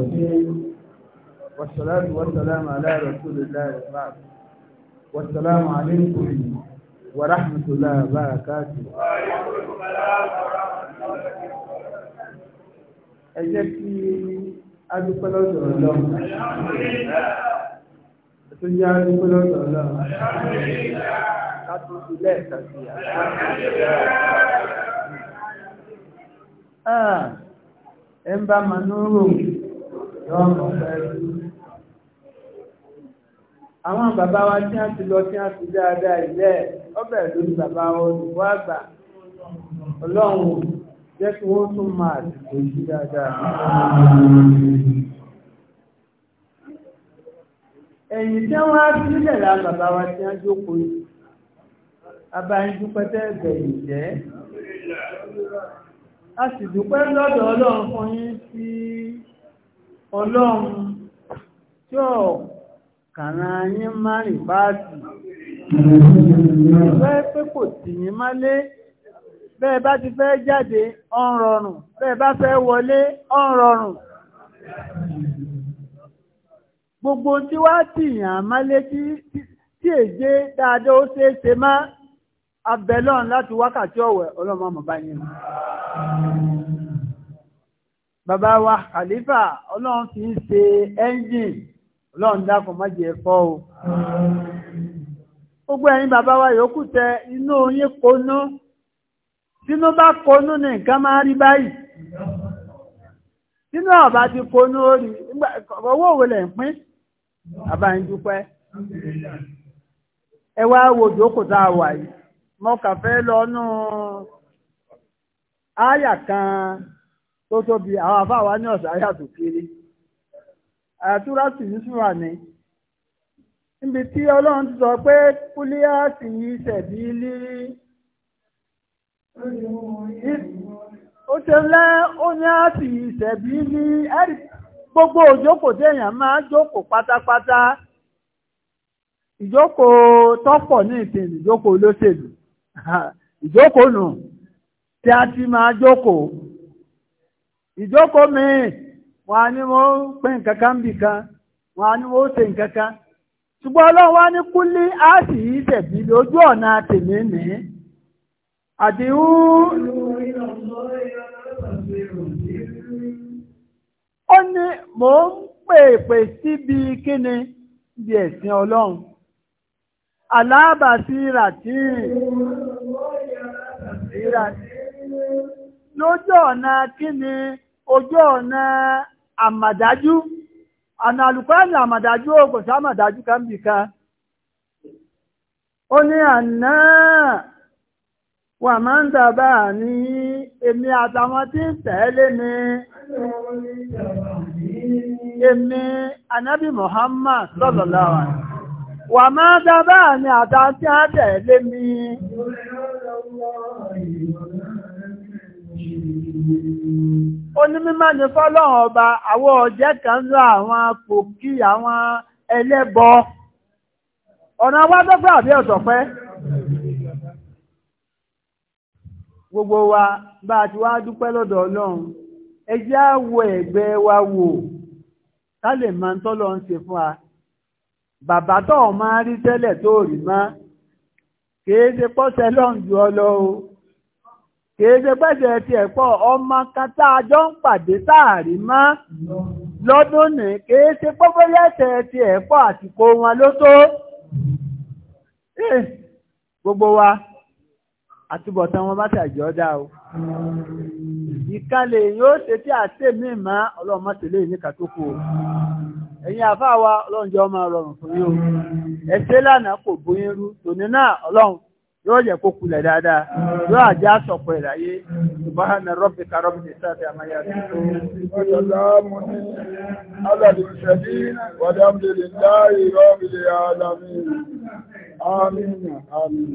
والصلاة والسلام على رسول الله وبعد والسلام عليكم ورحمة الله وبركاته ẹ jẹ́ kí adúpẹ́ lọ́dọ̀ ọlọ́run tó jẹ́ adúpẹ́ lọ́dọ̀ ọlọ́run ká tó fi lẹ́ẹ̀ka sí àgbà ah, ẹ̀ ń bá manú rò yọ̀ọ́ mọ̀ fẹ́ àwọn bàbá wa tí a ti lọ tí a ti dáadáa ilẹ̀ ọbẹ̀ lórí bàbá olùkọ́ àgbà ọlọ́run jẹ́ kí wọ́n tún máa dìbò sí dáadáa ẹ̀yìn tí wọ́n á sílẹ̀ la bàbá wa tí a jókòó yìí abáyíjú pẹ́tẹ́ ẹ̀bẹ̀yìn jẹ́ a sì dúpẹ́ lọ́dọ̀ ọlọ́run fún yín sí ọlọ́run tí ọ̀pọ̀ kàrán yín máa rìn báàtì ìwé pé kò tì yín mọ́lé bẹ́ẹ̀ bá ti fẹ́ jáde ọ̀n rọrùn bẹ́ẹ̀ bá fẹ́ wọlé ọ̀n rọrùn gbogbo tí wá tì yàn mọ́lé tí èjé dáadáa ó ṣeé ṣe má abẹ́lọ́n láti wákàtí ọ̀wẹ̀ ọlọ́mọ mọ̀bá yẹn bàbá wa Khalifa ọlọ́run fi ń ṣe ẹ́ńjìn ọlọ́run dákọ̀ má jẹ́ o gbogbo ẹ̀yin bàbá wa yòókù tẹ inú oyin kónú. tínú bá kónú ní nǹkan máa rí báyìí tínú ọba ti kónú orí owó òwe ń pín bàbá ẹ wá wo ìjókòó tá a wà yìí mo kà fẹ́ áyà kan tó tóbi àwọn afáwa ní ọ̀sán tó kéré. àtúrásì yusuf àní níbi tí ọlọ́run ti sọ pé kúlíàsì yìí ṣẹ̀bí lírí ó ṣe ńlá ó ní àsì ìṣẹ̀bí ní ẹ̀rí gbogbo òjókòó tí èèyàn máa jókòó pátápátá ìjókòó tọ́pọ̀ ní ìsìn ìjókòó olóṣèlú ìjókòó nù tí a ti máa jókòó ìjókòó míì wọ́n á ní wọ́n kan bì kan wọ́n á ní kan ṣùgbọ́n ọlọ́run wá ní kúlí a sì yí tẹ̀bí lójú ọ̀nà tèmi ní àdìhú ó ní mò ń pèpè síbi kíni bí ẹ̀sìn ọlọ́run lójú ọ̀nà kíni ojú ọ̀nà àmàdájú àna alùkọ́ẹ̀lì àmàdájú òkò sámàdájú kan bì ká? ó ní àná wà máa ń tàbá ní èmi àtàwọn tí ń tẹ̀lé mi èmi anábì Muhammad sallallahu wà máa ń tàbá ní àtàwọn tí ń tẹ̀lé mi onímọ̀ ní fọ́lọ́run ọba àwọn ọ̀jẹ́ kan lọ àwọn pòkí àwọn ẹlẹ́bọ ọ̀nà wá tọ́pẹ́ àbí ọ̀tọ̀pẹ́ gbogbo wa bá a ti wá dúpẹ́ lọ́dọ̀ ọlọ́run ẹ jẹ́ á wo ẹ̀gbẹ́ wa wò ká lè máa ń tọ́lọ ń ṣe fún wa bàbá tó máa rí tẹ́lẹ̀ tó rí mọ́ kìí pọ́sẹ̀ lọ́n ju ọlọ́run kèéṣe pẹ́sẹ̀ ti ẹ̀pọ̀ ọmọ kan tá jọ ń pàdé táàrí mọ́ lọ́dún ní kèéṣe ti ẹ̀pọ̀ àsìkò wọn ló eh, gbogbo wa àtúbọ̀tán wọn bá tàjọ́ dá o ìkàlẹ̀ yóò ṣe tí a ṣe mí mọ́ ọlọ́run má tẹ̀lé ní kàtókò wa ọlọ́run rọrùn fún ẹ̀ṣẹ́ lánàá kò tòní náà yóò yẹ kó kulẹ̀ dáadáa yóò àjẹ́ àṣọ̀pọ̀ ìráyé subhana rabbika rabbil izzati amma yasifun ọjọ́lámù ní alàdìsẹ̀dí wàdàmdìlì láàrí rabbil alamin àmín àmín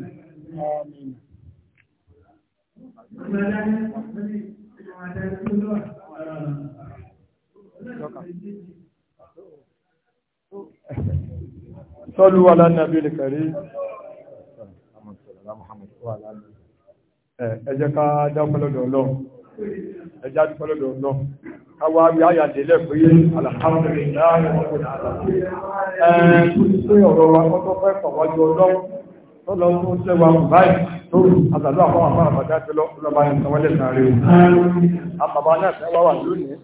àmín Sallu ala nabi al-karim ẹ jẹ́ ká dákọ́ lọ́dọ̀ ọlọ́run ẹ jẹ́ àdúgbò lọ́dọ̀ ọlọ́run káwọ́ àwẹ̀ àyàdé lẹ́gbẹ̀ẹ́ alhamdulillah Ọlọ́run ń ṣẹ́wà báyìí tó àtàlú àwọn àwọn àbàdá tí lọ́pàá ní ìsanwọ́lẹ̀ sàárè ohun. Àbàbà náà tẹ́wà wà lónìí,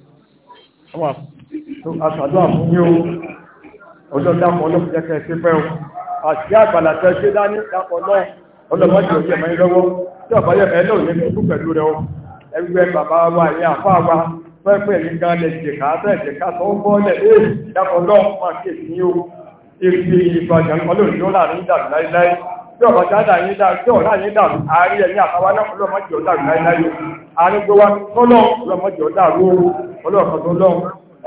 àtàlú àwọn ní ohun ọjọ́ dápọ̀ ọlọ́pàá jẹ́kẹ́ sí pẹ́ ohun. Àti àgbàlà tẹ́ ọlọ́mọdé òjò mẹ́rin lọ́wọ́ tí ọ̀bọ̀yọ̀ ẹlọ́ òní kúkú pẹ̀lú rẹ̀ ọ ẹgbẹ́ bàbá wa ẹ̀yà àfáà wa pẹ́pẹ́ ní gan lẹ jẹ̀ká bẹ́ẹ̀ jẹ̀ká tó ń bọ́ lẹ̀ èyí dákọ̀ọ́lọ́ máa kéèkì ní o èsì ìbàjẹ́ ọlọ́run ló láàrin dàrú láíláí tí ọ̀bọ̀ dáadáa yín dàrú tí ọ̀rá yín dàrú àárín ẹ̀mí àtàwà náà ọlọ́mọdé ọ̀dàrú láíláí àárín gbówá tọ́lọ́ ọlọ́mọdé ọ̀dàrú ọlọ́ọ̀kan tó lọ́run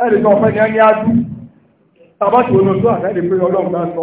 ẹ̀rì tó fẹ́ ní ẹni á dú tàbátì olóòtú àtẹ́lẹ̀ pé ọlọ́run náà sọ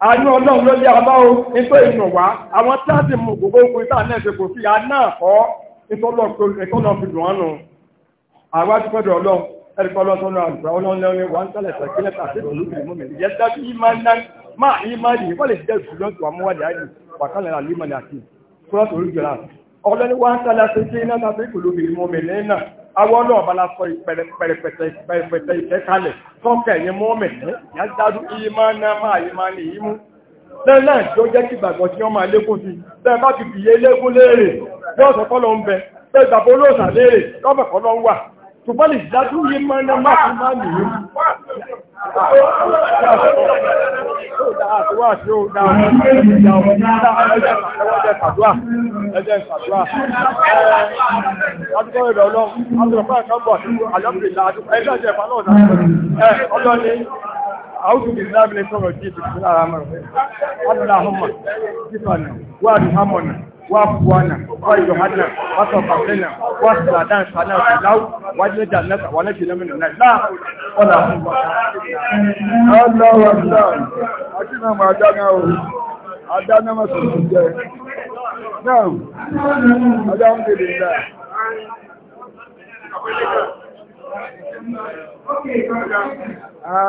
àánú ọlọ́run ló yá ọlá o nígbà ìnù wá àwọn tí a ti mú gbogbo ogun ìta náà ṣe kò fi àná ọ̀ ìtọ́lọ̀ fi dùn ánù àwọn àtúkọ̀dọ̀ ọlọ́run ẹ̀ríkọ́ ọlọ́sọ́nà àgbà ọlọ́run lẹ́rin wà ń tẹ́lẹ̀ tẹ̀kílẹ̀ tàbí ìlú ìlú mi yẹ dájú ìmá ńlá máa ìmá yìí wọ́n lè jẹ́ ìṣúlọ́ tó àmúwádìí àyè wàkálẹ̀ àlímọ̀ ní àti kúrọ́tò orí jọra ọlọ́run wà ń tẹ́lẹ̀ tẹ̀kílẹ̀ tàbí ìlú ìlú mi lẹ́nà àwọn náà bá lásọ ìpẹ̀rẹ̀pẹ̀tẹ̀ ìtẹ́kalẹ̀ tọ́kẹ̀ yẹn mọ́mẹ̀ yá dádú iye máa ná máa yẹ lẹ́nà tí ó jẹ́ kí gbàgbọ́ tí wọ́n máa lékún sí tẹ́ bá ti fìyẹ lékún léèrè bí ọ̀sọ̀kọ́ lọ ń bẹ tẹ́ ìgbàgbọ́ olóòsà léèrè lọ́bẹ̀kọ́ lọ ń wà ṣùgbọ́n lè dájú yé máa ná máa fi máa nìyí. أعوذ بالله من الشيطان الرجيم بسم الله الرحمن الرحيم اللهم كفنا وارحمنا واعفونا وارحمنا وتقبلنا واصلح لنا شأننا كله واجعل جنتك ونجنا من النار لا ولا قوة الله أكبر أجنا ما أجنا أجنا ما سجد نعم الحمد لله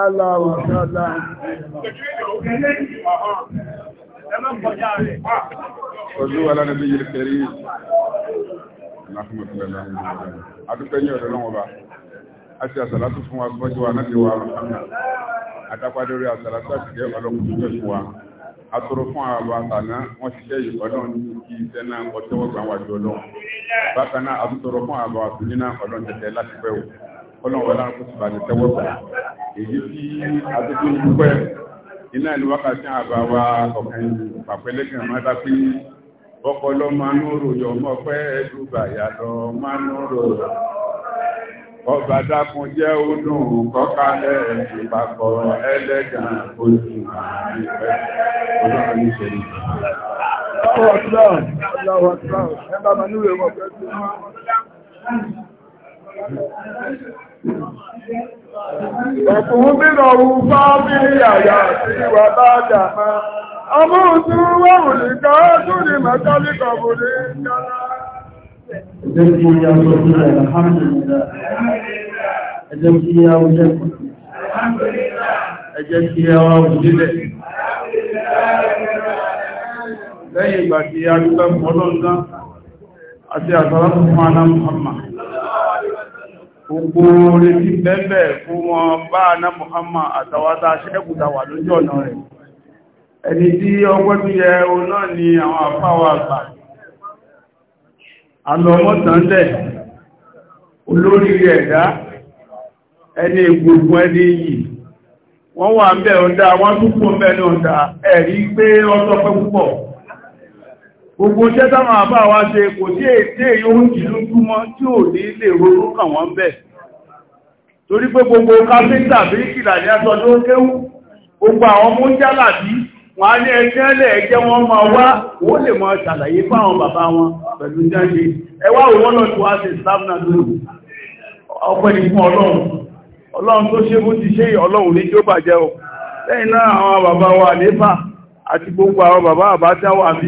الله أكبر Ọdún alánà bí yìí kẹrí ìlàfúnmọ̀tìlẹ̀lá. A dúpẹ́ ní ọ̀dọ̀ lọ́wọ́ bá. A ṣe àsàlátù fún wa sọ́jú wa láti wa àtàpàdórí àsàlátù àti jẹ́ ọlọ́kùnrin fún wa. A tọrọ fún àwọn àtàná wọ́n ṣiṣẹ́ yìí ọdún kí iṣẹ́ náà kọ́ tẹ́wọ́ gbà wá jọ lọ. Bákan náà, a tún tọrọ fún àwọn àtúnyí náà ọdún tẹ̀tẹ̀ láti pẹ́ wò. Ọlọ́run wọlé àwọn kò sì iná ìlú wákàtí àbáwá ọ̀kan pàpẹ́lẹ́kàn máa dá pé ọpọlọ máa ń ròyọ mọ́ pẹ́ ẹ̀dùbà yàtọ̀ máa ń ròyọ ọba dákun jẹ́ ọdún kọ́kálẹ̀ ìpapọ̀ ẹlẹ́gàn oṣù àìpẹ́ ọlọ́run Ọkùnrin bí lọ́rù fábílì àyà àti ìwà bá dàmá. Ọmọ òtún wọ́rùn ní káàtù dị maka bò bụ dị Ẹjẹ́ kí ya sọ sí alhamdulillah. Ẹjẹ́ ya wùjẹ́ alhamdulillah. na kí ya wà wùjílẹ̀. Lẹ́yìn ìgbà tí a dúpẹ́ mọ́lọ́ gbogbo ti bẹ́ẹ̀bẹ̀ fún wọn bá ná Muhammad àtàwátá ṣẹ́kùta wà lójú ọ̀nà rẹ̀ ẹni tí ọgbọ́n tí o náà ni àwọn àfáwà àgbà alọ́mọ́tàndẹ̀ olórí ẹ̀dá ẹni gbogbo ẹni yìí wọ́n wà ń bẹ̀ ọ̀dá wọ́n Gbogbo iṣẹ́ táwọn àbá wa ṣe kò sí èdè yóò jìlú túmọ́ tí ò ní lè ronú kàn wọ́n bẹ̀. Torí pé gbogbo káfíńtà bí ìkìlà ní aṣọ ló kéwú, gbogbo àwọn mú jálà bí wọ́n á ní ẹgbẹ́ ẹlẹ́ ẹgbẹ́ wọn máa wá, ó lè mọ ṣàlàyé fáwọn bàbá wọn pẹ̀lú jáde. Ẹ wá òwọ́n náà tó wá sí Sáfnà lóòrùn. Ọpẹ́ ni fún Ọlọ́run. Ọlọ́run tó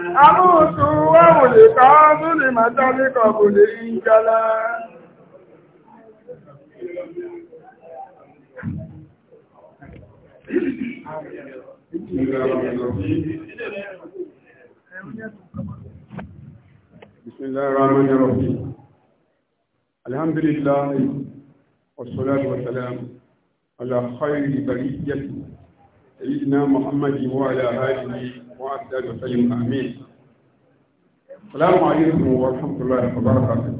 Amúsù wẹ́wùlè kọ́ súnlè màtàlíkọ̀ kò lè ń jọlá. بسم الله الرحمن الرحيم الحمد لله والصلاة والسلام على خير برية سيدنا محمد وعلى آله وأبدل وسلم آمين السلام عليكم ورحمة الله وبركاته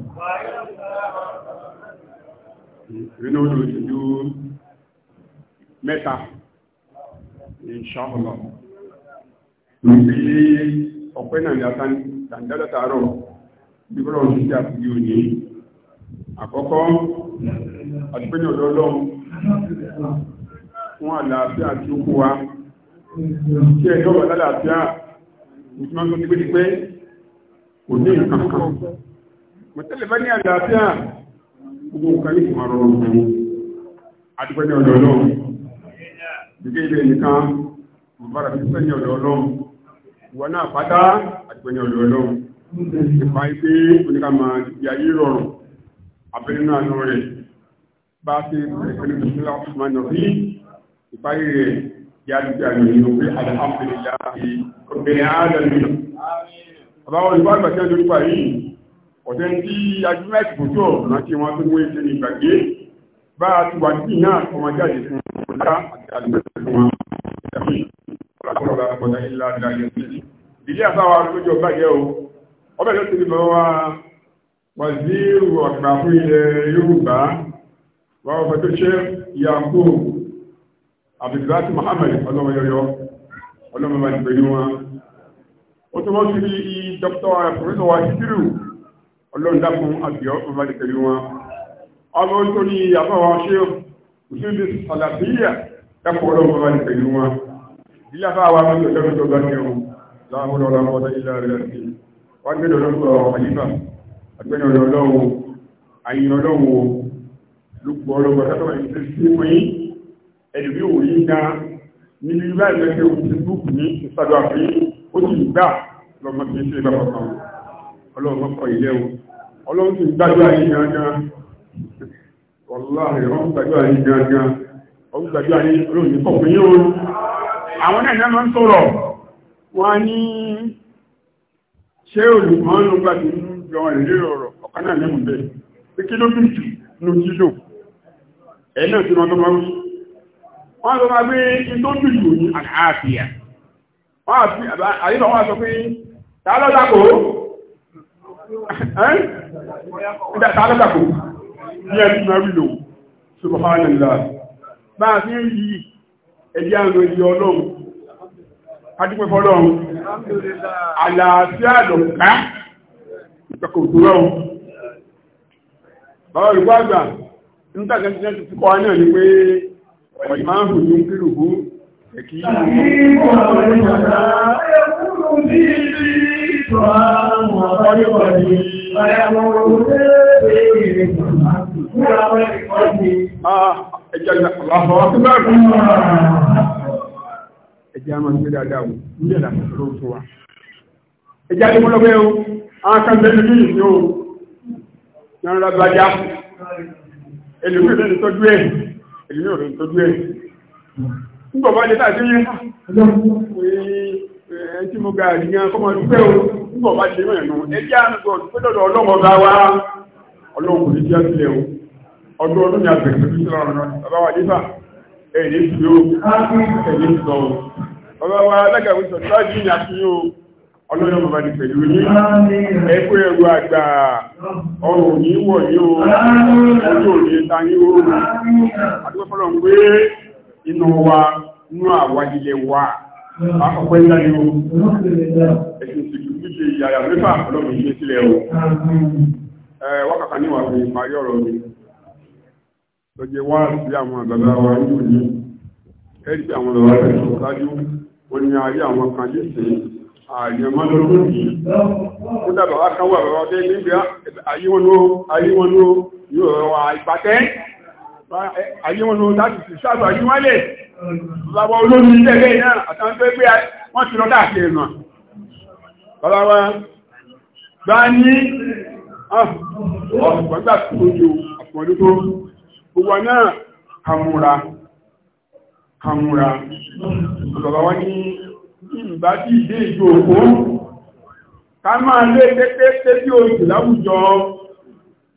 nínú olùsèjú mẹ́ta ìṣàhùlọ̀ níbi ọ̀pẹ́ náà ni a tàndẹ́lẹ̀ tààrọ̀ bíbọ́lọ̀ ní sí àfihì òní àkọ́kọ́ àti pé ní ọ̀dọ́ ọlọ́run fún àlàáfíà tí ó kó wa kí ẹjọ́ wà lálàáfíà ìtumọ̀ tó ti pé ti pé kò ní nǹkan kan mọ̀tẹ́lẹ̀ bá ní àlàáfíà gbogbo nǹkan ní ìmọ̀ ọ̀rọ̀ ọ̀gbìn adúgbẹ́ ní ọ̀dọ̀ ọlọ́run gbígbé ilé nìkan mọ̀bára fi pẹ́ ní ọ̀dọ̀ ọlọ́run ìwọ náà pátá adúgbẹ́ ní ọ̀dọ̀ ọlọ́run nípa ipé oníkà máa di ayé rọrùn abẹ́rẹ́ náà nù rẹ̀ bá ti pẹ̀lú ìpínlẹ̀ ọ̀fùnmáà járíjárí ní orí alhamdulillahi ọ̀bẹ̀rẹ̀ àádọ́rin àbáwọn ìwádìí àti ọjọ́ nípa yìí ọ̀tẹ́ tí ajúmẹ́sì kò tó ọ̀nà tí wọ́n tó wọ́n ṣe ní ìgbàgbé a ti ilé àtàwà lójọ bàjẹ́ o ọbẹ̀ tó ti di bọ́ wa wàzíìrù ọ̀gbà fún ilẹ̀ Yorùbá wà ọ̀fẹ́ tó ṣe Yakubu àbìsíláàtì Mohamed ọlọ́mọyọyọ ọlọ́mọba ìgbèlú wọn ó tó wọ́n sí i dr professor wa títírù ọlọ́ndàkùn àbíọ́ ọba ìgbèlú wọn ọmọ tó ní àbáwọ̀ ṣe òṣèlú sàlàfíyà dákọ̀ ọlọ́mọba ìgbèlú wọn ilé afáwà mọ́tò lọ́dún tó gbáṣẹ́ wọn láàrín ọlọ́mọ ọdún ilẹ̀ rẹ̀ sí wọ́n gbé ẹ̀lùmí ò rí gan nínú ilé ìlẹ́gbẹ̀ẹ́ òun ti búùkù ní ìsàdọ̀ àfihàn ó sì gbà lọ́mọ tí ń ṣe bàbá kan ọlọ́run kọ ilé o ọlọ́run sì gbàdúrà yìí gangan wọ́láhìn ọ̀hún gbàdúrà yìí gangan ọ̀hún gbàdúrà yìí olóòyìn kọ̀ fún yóò àwọn náà náà máa ń sọ̀rọ̀ wọ́n ní ṣé olùmọ́nù gbà tí ń jọ ìrírí ọ̀rọ̀ ọ̀kan náà lẹ́mù bẹ́ẹ̀ pé kí ló bí jù ló jílò ẹ̀ náà ti mọ́ tó máa ń wọ́n lọ máa gbé tó ń dùn yìí àlàáfíà wọ́n àti àyílọ̀ wọ́n sọ pé ta ló dákò ẹ́ ta ló dákò ní ẹni máa rí lò subhanallah máa fi ń yí ẹ̀dí àwọn ẹ̀dí ọlọ́run adúpẹ́ fọ́lọ́run àlàáfíà lọ̀ká ìpẹ̀kọ̀ òdúrọ̀run bàbá olùgbọ́ àgbà nígbàtí ẹni tí kọ́ ní ọ̀ ní pé ọ̀yìmáhù ní kírùbú ẹ̀kí Ẹjá máa ń gbé dáadáa wù, ní ẹ̀dà ṣòro fún wa. Ẹjá ní mọ́lọ́gbẹ́ o, àwọn kan bẹ̀rẹ̀ ní ìlú o, náà rábájá, ẹlùmí ìrẹ́ni tọ́jú ẹ̀. èyí ò rí tójú ẹ̀ nígbàbá jẹ́ tàbí yẹn ẹ̀yìn tí mo ga àríyàn kọmọ dúpẹ́ o nígbàbá jẹ́ mẹ́rin ẹjẹ́ àrùn pẹ́lọ́dọ̀ ọlọ́mọ bá wá ọlọ́run ọlọ́run bá ní pẹ̀lú ní ẹkú ẹ̀rù àgbà ọrùn ní wọ̀ ní òní oòrùn o lọ́jẹ́ wá sí àwọn àgbàgbà wa ní òní àwọn ọ̀rọ̀ àwọn àyẹ̀mọ́lógún yìí ó dàbà wá kan wà rọ̀ dé nígbà ayíwọ́nú yóò rọ̀ ìpàtẹ́ ayíwọ́nú láti ti sáàbà yí wọ́n lè lábọ́ olómi ilẹ̀ náà àtàwọn tó gbé wọ́n ti lọ dáàkiri nà bàbá wa bá ní ah, ọ̀pọ̀gbà tó jù ọ̀pọ̀lú tó gbogbo náà kàmúra kàmúra bàbá wa ní ìgbà tí ìdé ìjò òkú ká máa lé tẹ́tẹ́ tí ó sì láwùjọ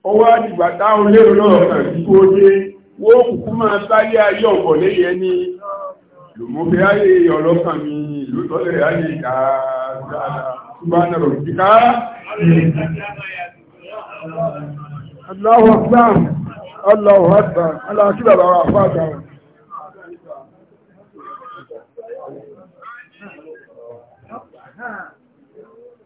ọwọ́ àdìgbà táwọn lérò náà kàn kó dé wó kùkú máa sáyé ayé ọ̀pọ̀ léyẹ ní lòmọ́fẹ́ ayé ọlọ́kàn mi ìlú ayé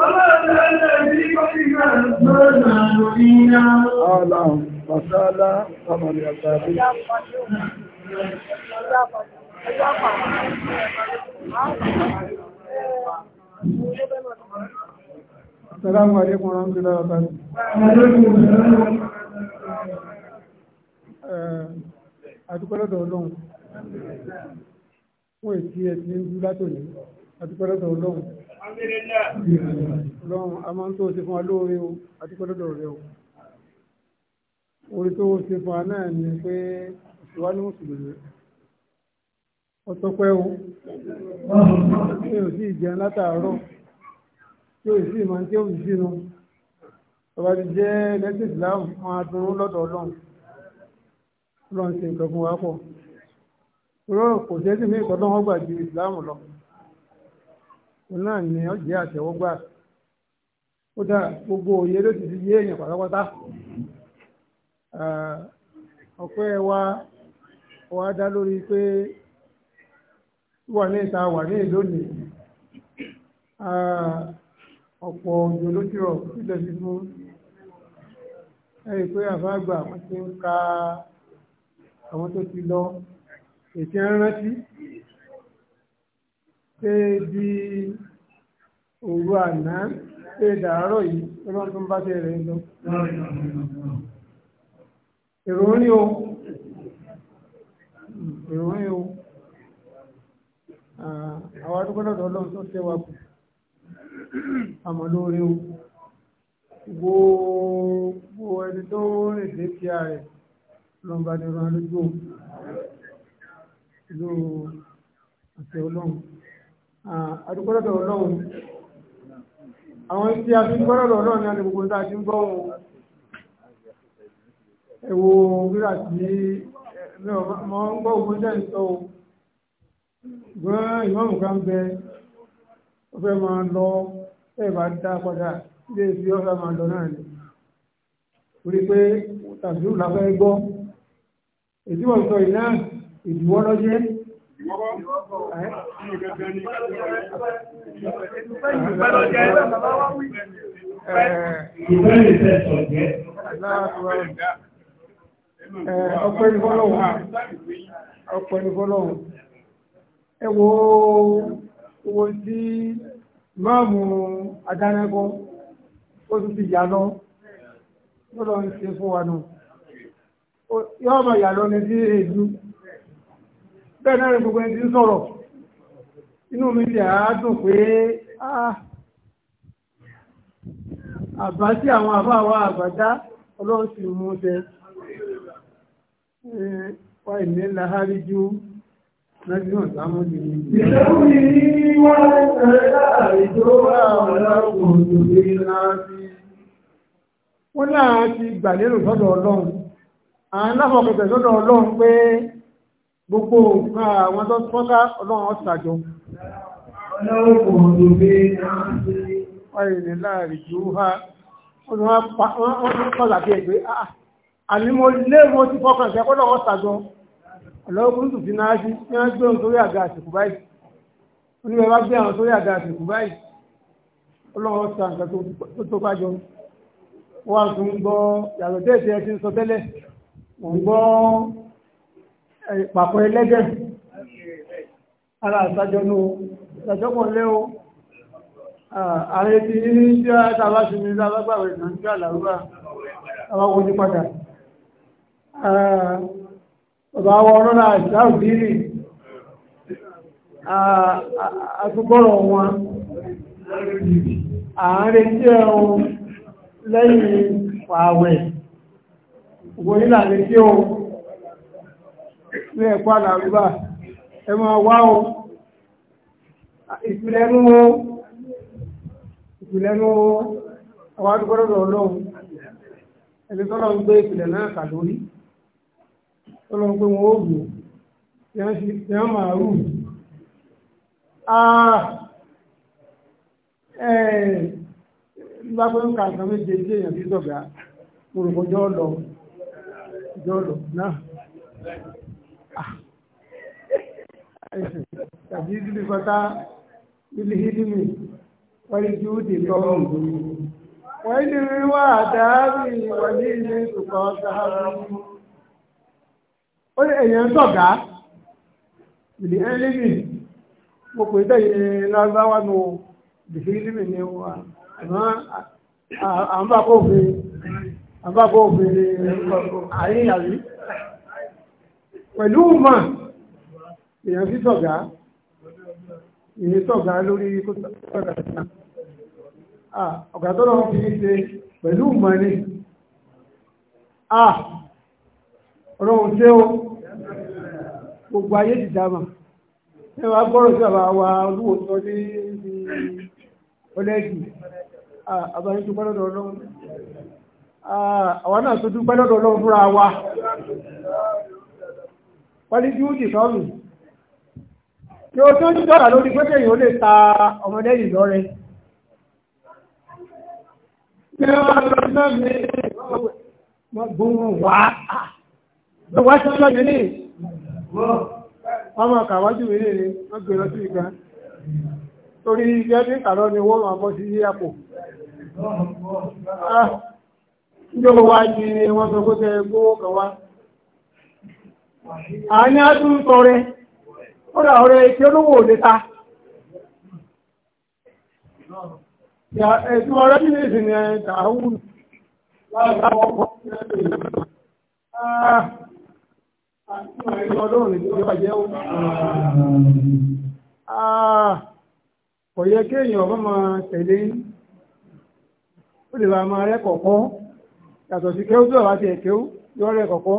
Ọlọ́run pàtàlá ọmọ ni àtàrí. Salamu alaikum warahmatullahi wabarakatuh. Àdúgbọ́lọ́dọ̀ ọlọ́run. Wọ́n èsì ẹ̀sìn ń dú látò ní àti pẹ́lẹ́tọ̀ ọlọ́run ọlọ́run a máa ń tó ṣe fún wa lóore o àti pẹ́lẹ́tọ̀ o orí tó ṣe fún wa ni pé ìwà ní mùsùlùmí ọtọpẹ́ o tí o sì jẹun látàárọ̀ tí o sì máa ń tí o sì sínú ọba ti jẹ́ lẹ́sìn ìsìláàmù máa dùn lọ́dọ̀ ọlọ́run ọlọ́run ṣe nǹkan fún wa pọ̀ rọrùn kò jẹ́ sí mi ìkọ́dọ́ wọn gbà ju ìsìláàmù lọ. náà ni ó jẹ́ àtẹ̀wọ́gbà ó dá gbogbo òye ló ti fi yé èèyàn pátápátá ọpẹ́ wa wa dá lórí pé wà ní ìta wà ní ìlónìí ọ̀pọ̀ òjò ló ti ka àwọn tó ti lọ ètí pé bí òru àná pé dàárọ̀ yìí lọ́nà tó ń bá tẹ̀ rẹ̀ lọ. èrò ń rí o èrò ń rí o ah, àwọn adúgbò lọ́dọ̀ ọlọ́run tó tẹ́ wa kù àmọ́ lórí o gbogbo ẹni tó rìn dé kí a rẹ̀ lọ́nba ni ọ̀rọ̀ alójú o ìlú àti ọlọ́run àdúgbọ́lọ́dọ̀ ọlọ́run àwọn tí a fi gbọ́lọ́dọ̀ ọlọ́run ni a lè gbogbo tàà tí ń gbọ́ ohun ẹ̀wò rírà tí mọ́ ń gbọ́ ogun jẹ́ ìtọ́ gbọ́n ìmọ̀mù kan bẹ ọfẹ́ máa lọ ẹ̀bà dá padà ilé ìfi ọfẹ́ máa lọ náà ni orí pé tàbí ìlú làfẹ́ gbọ́ èdè wọ́n sọ ìná ìdíwọ́ lọ́jẹ́ Ọpẹ́ ni fọ́lọ́hùn. Ọpẹ́ ni ó tún ti yà lọ. Ó lọ ń ṣe fún wa nù. Yọ́ ọmọ yà lọ ní sí èdú. bẹ́ẹ̀ náà gbogbo ẹni ń sọ̀rọ̀ inú mi ti àádùn pé ah, àbá sí àwọn àbáwà àbádá ọlọ́run sì mú eh, ṣe wá ìní láhárí jú lọ́jọ́ ìsámọ́dé ní ní wọ́n wọ́n ti ọlọ́run ọlọ́run gbogbo nǹkan àwọn tó fọ́nká ọlọ́run ọ̀sàjọ ọ̀rìnlẹ̀ láàrin jù ha wọ́n pàdàbí ẹgbẹ́ ah, ah, ànímọ̀ ilé wọn ti fọ́kàn sí ẹkọ́ lọ́wọ́ sàjọ ọlọ́run tó fi náà sí ní wọ́n gbé ohun sórí àga àsìkò báyìí oníbẹ̀ bá gbé àwọn sórí àga àsìkò báyìí ọlọ́run sa nǹkan tó tó bájọ wọ́n tún gbọ́ yàtọ̀ tẹ́ẹ̀tẹ́ ti ń sọ tẹ́lẹ̀ mò ń gbọ́ pàpọ̀ ẹlẹ́gẹ̀ ara àtàjọ́nú ìtàjọ́pọ̀ lé o ààrẹ ti ní tí a tàbá sí ní lábágbàwẹ̀ nàíjíríà làrúbà àwọn ojú padà ọ̀bá wọ ọ̀rọ̀lá ìdáhùdírì àtúgbọ́rọ̀ wọn ààrẹ tí ẹ̀rùn lẹ́yìn pààwẹ̀ ògbònílà lè tí ó ní ẹ̀kọ́ àlàrúbà ẹ máa wá o ìpìlẹ̀ o ìpìlẹ̀ o àwọn adúgbòdòdò ọlọ́run ẹni tọ́lọ́ ń gbé ìpìlẹ̀ náà kà lórí tọ́lọ́ ń gbé wọn ó gbò máa ka nǹkan méje tí èèyàn tàbí ìdílé kọta ilé ìdílé wọ́n ju ìdè lọ́wọ́ wọ́n ní wíwá àdáàbì wọ́n ní ilé ìtùkọ́ sáárù ó ní èèyàn tọ̀gá ìdè ẹlẹ́mì mo pè tẹ̀yẹ lọ́gbàwá nù ìdè ẹlẹ́mì ni wà àmọ́ pẹ̀lú mà èèyàn sí sọ̀gá ìyẹn sọ̀gá lórí kó sọ̀gá sí ọ̀gá tó lọ́wọ́ fi ṣe pẹ̀lú mà ni tí ó gbogbo ayé ti dáma ẹ wá gbọ́rọ̀ sí àbá wa olúwo ní àbáyé tó wa pẹ̀lú júùdì sọ́ọ̀lù kí o tó ń dọ́là lórí pé kéèyàn lè ta ọmọdé lọ́rẹ kí wọ́n lọ sí náà ní ọmọ wọ́n sí ìgbà torí ní kàlọ́ ni wọ́n máa bọ́ sí àpò ìjọba ah, ni wọ́n sọ gbówó àní á tún tọrẹ ọ̀rẹ́ ọ̀rẹ́ tí olówó ò léta ọ̀rẹ́ tí lè sìn ẹ̀dàáwù ọkọ̀ Kò kí èèyàn ọmọ máa tẹ̀lé ó lè bá máa rẹ́ kọ̀ọ̀kọ́, yàtọ̀ sí tó yọ́ rẹ̀ kọ̀ọ̀kọ́.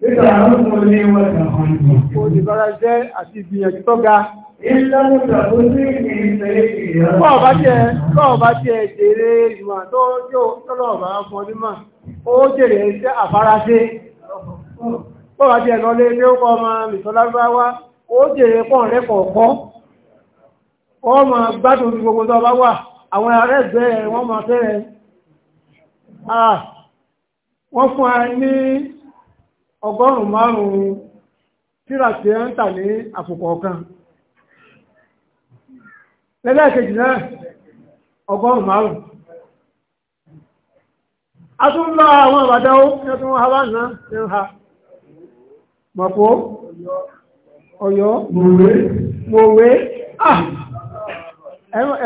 Nígbà àwọn ọmọ ilé wọn tàbí ọmọ. Òdìbára jẹ́ àti ìgbìyànjú tó ga. Bọ́ọ̀bá jẹ́ jèrè ìwà tó yóò tọ́lọ̀bá fún ọdímà, ó jèrè iṣẹ́ àfárasé. Bọ́ọ̀bá jẹ́ lọ lé ní ọkọ̀ ọmọ mìsọ́lágbáwá, ó jèrè pọ̀ rẹ́kọ̀ọ̀kọ́. Ó ma gbádùn gbogbo tó bá wà, àwọn arẹ́gbẹ̀ẹ́ wọ́n ma fẹ́rẹ̀. Ah, wọ́n fún a ní ọgọ́rùn-ún márùn-ún tíra tí ẹ ń tà ní àpòkọ ọ̀kan lẹ́lẹ́kejì náà ọgọ́rùn-ún márùn-ún a tún ń lọ àwọn àbádáwó ní ọdún hàbá náà ní ha mọ̀pó ọ̀yọ́ mọ̀wé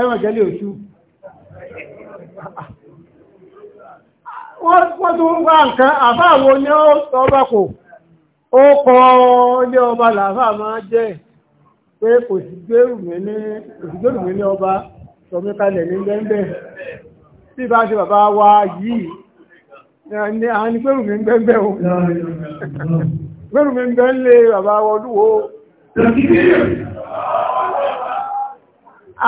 ẹ̀rọ jẹ́lẹ̀ òṣù wọ́n tún ń bá nǹkan àfáàwò ní ọba kò ó kọ ilé ọba làfáà máa jẹ́ pé kò sí gbérù mí ní ọba sọmíkalẹ̀ ní gbẹ́ngbẹ́ tí bá ṣe bàbá wa yìí ni a ní gbérù mí gbẹ́ngbẹ́ o gbérù mí gbẹ́nlé bàbá wọlúwo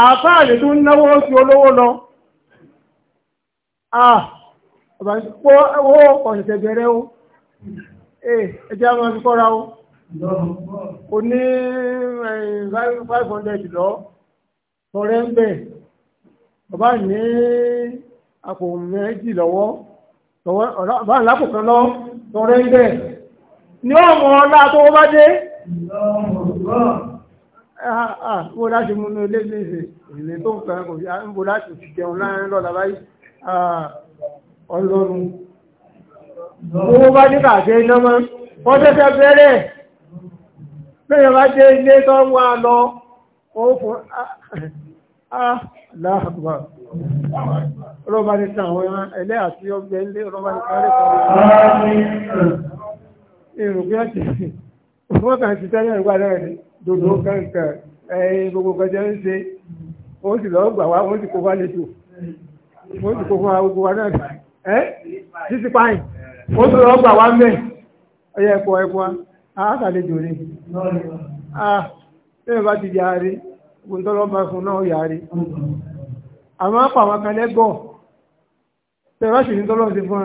àfáà lè tún náwó sí olówó lọ Ah! àbáṣepọ̀ owó ọ̀sẹ̀ bẹ̀rẹ̀ o ẹjẹ́ àwọn ọmọ ìkọ́ra o kò ní five hundred lọ tọrẹ ń bẹ̀ bàbá ní àpò méjì lọ́wọ́ bàbá lápò kan lọ tọrẹ ń bẹ̀ ní ọmọ ọlá tó wọ́n bá dé mo láti múnú ilé ní ìsìn ìlé tó ń pẹ̀lú kò sí àmúbò láti jẹun láàrin lọ́la báyìí ah, ọlọ́run owó bá ní kàṣẹ iná mọ́ wọ́n tẹ́tẹ́ bẹ̀rẹ̀ lẹ́yìn bá jẹ́ ilé tó ń wá lọ owó fún ah, ah, ah, aláàbà ọlọ́ba ní sàn àwọn ẹran ẹlẹ́ àti ọgbẹ́ ilé ọlọ́ba ní sàn lẹ́kọ̀ọ́ wọ́n kàn sì lọ́ọ́ gbà wá wọ́n sì kó wá lẹ́tò wọ́n sì kó fún wa gbogbo wa náà ẹ́ títí páyìn ó tó rọ́gbà wá mẹ́ ọyẹ ẹ̀pọ̀ ẹ̀pọ̀ àátàlejò rẹ̀ bẹ́ẹ̀ bá ti yàrí ogun tó rọ́gbà fún náà yàrí àmọ́ àpà àwọn kan lẹ́gọ̀ tẹ́ bá sì ní tọ́lọ́ sí fún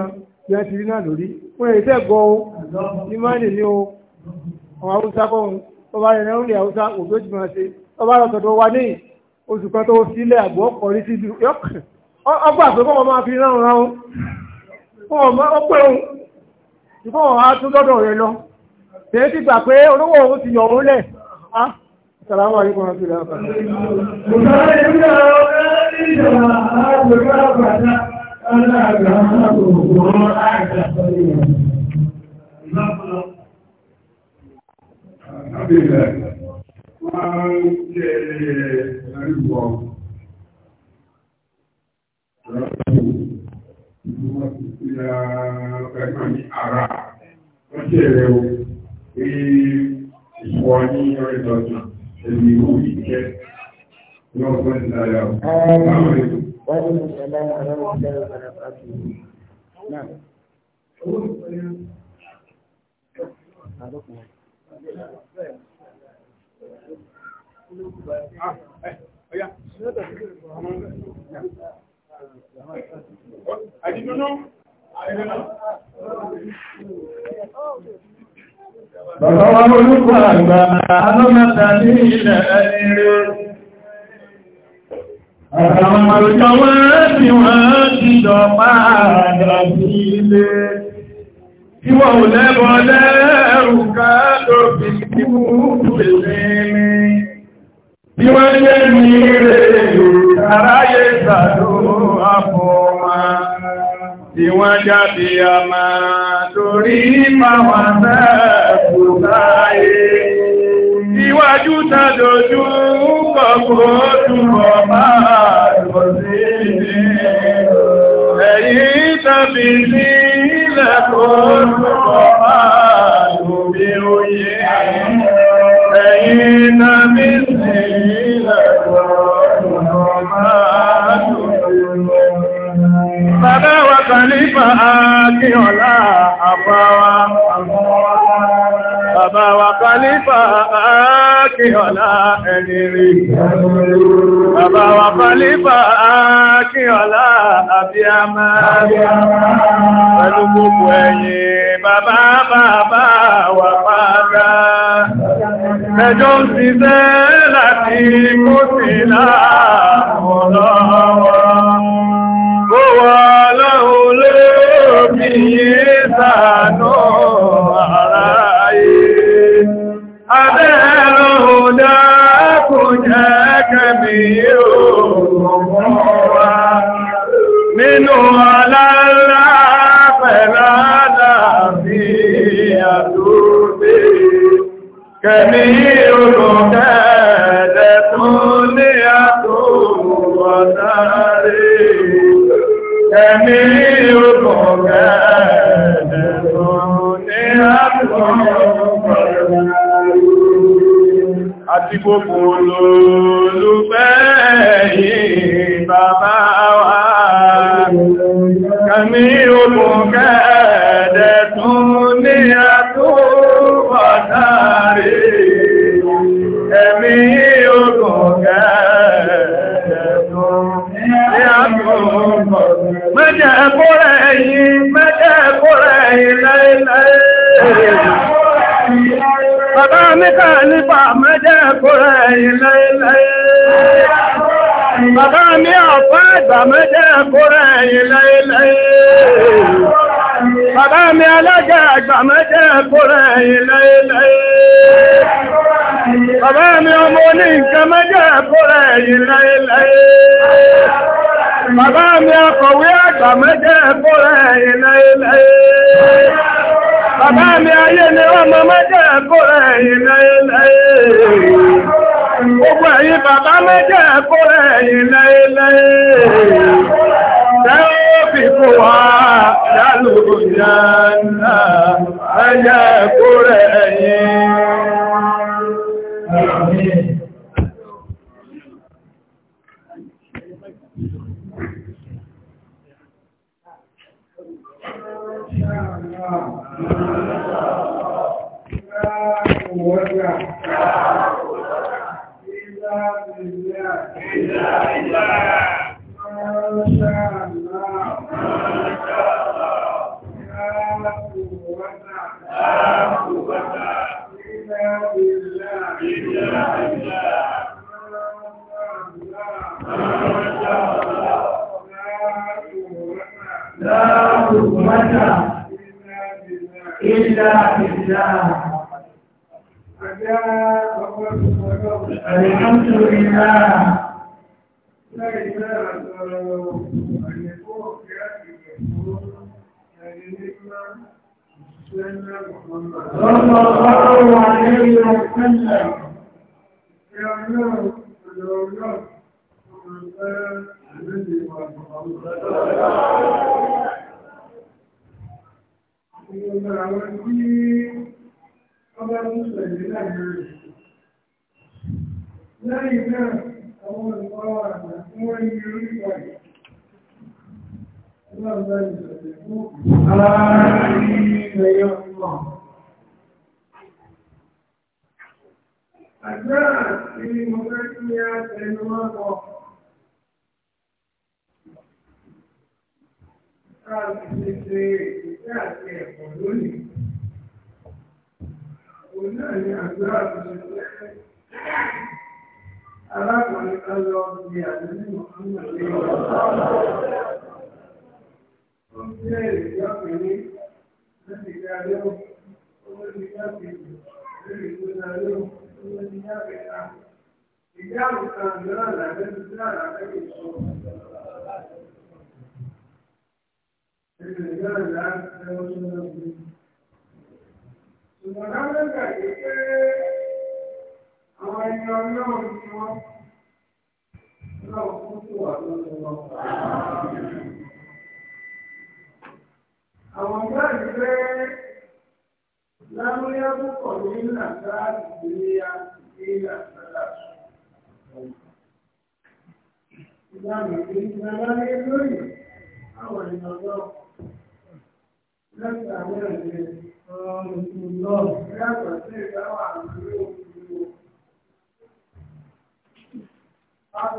ya ti rí náà lórí wọ́n èyí tẹ́ gọ́ o ní máa nì ní o àwọn haúsá kọ́ ohun ọba rẹ̀ náà ń lè haúsá òbí ó ti máa ṣe ọba rẹ̀ tọ̀dọ̀ wa ní oṣù kan tó sílẹ̀ àgbọ̀ kọrí sí ìlú yọkàn ọgbà pé kọ́ máa fi rán ra ohun ọpẹ́ ohun ìfọ́ ọ̀há tó lọ́dọ̀ rẹ̀ lọ tẹ́ ti gbà pé olówó ohun ti yọ̀ ohun lẹ̀ Assalamu alaikum warahmatullahi wabarakatuh. Alhamdulillah. Wọ́n jẹ́ ẹ̀rẹ́ ìwọ̀n wọ́n ti fi ẹ̀kọ́ ní ara wọ́n ti o pé ìṣọ́ ní ọ̀rẹ́dọ̀dọ̀ Ah, eh, oh yeah àdìdúdú Bàbá wa olúkọ àgbà alọ́mọta ní ilẹ̀ ẹni rẹ̀. Àwọn àrùjọ wọ́n tí wọ́n ti jọ pàdà sí ilé. Tí wọ́n ò lẹ́bọ̀ lẹ́rù ká lóbi tí mú pèlè ní. Bí wọ́n jẹ́ ní rẹ̀ yóò tàráyé ṣàdúró àfọ̀ọ́mà tí wọ́n jáde àmà torí máwọn mẹ́ẹ̀kù láyé. Iwájú tàdójú kọ̀kọ́ túnbọ̀ máa lọ sí ní ẹ̀yìn Khalifa Akínọ̀lá àbáwá. Bàbá wa Khalifa Akínọ̀lá ẹni rí. Bàbá wa Khalifa Akínọ̀lá àbíámá. Pẹ̀lú gbogbo ẹ̀yìn bàbá bàbá wà pàdá. Ẹjọ́ ń ṣiṣẹ́ láti kó sí láàrùn lọ́wọ́. kánú àráyé. Abẹ́rù dákùn jẹ́ kẹ́mí òòrùn wa nínú aláàlá pẹ̀lá láàbí àdúgbé kẹ́mí kàlífà mẹ́jẹ́ kúrẹ́ ilé ilé. Bàbá mi ọ̀pá ìgbà mẹ́jẹ́ kúrẹ́ ilé ilé. Bàbá mi alága àgbà mẹ́jẹ́ kúrẹ́ ilé ilé. Bàbá mi ọmọ ní nǹkan mẹ́jẹ́ kúrẹ́ ilé ilé. Bàbá mi akọ̀wé àgbà mẹ́jẹ́ kúrẹ́ ilé ilé. Bàbá mi ayé ni wọ́n mọ mẹ́jẹ̀ ẹ̀kọ́rẹ̀ ẹ̀yìn lẹ́yẹlẹ́yẹ. Gbogbo ẹ̀yìn bàbá mẹ́jẹ̀ ẹ̀kọ́rẹ̀ ẹ̀yìn lẹ́yẹlẹ́yẹ. Tẹ́ ó fi kò wá yálò yánà ẹ̀yẹ ẹ̀kọ́rẹ̀ ẹ̀yìn. Amém.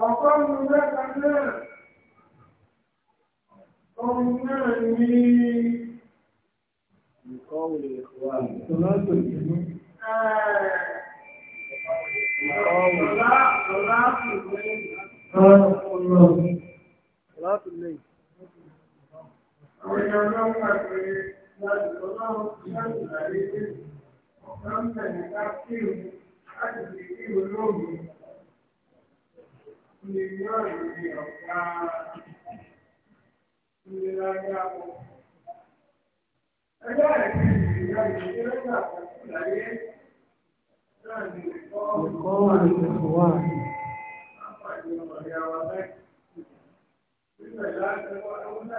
àkọ́kọ́ ní mẹ́ta náà ohun náà ní ìkọ́wé ìwà ìtọ́lọ́tò ìlú Láti lè. Àwọn ènìyàn náà pàdé láti ọlọ́run láti ìlàrí pé ọ̀pọ̀ ń tẹ̀lé ká kí ìrù láti fi kí ìrù lóòrùn. Ẹgbẹ́ ẹ̀kí ìrìnà ìrìnà ìrìnà ìlàyé náà ni ìkọ́ wà ní ẹ̀kọ́ wà. Àpàdé ọmọdé àwọn ọmọdé. Ìgbẹ̀ láti wọ́n ọmọdé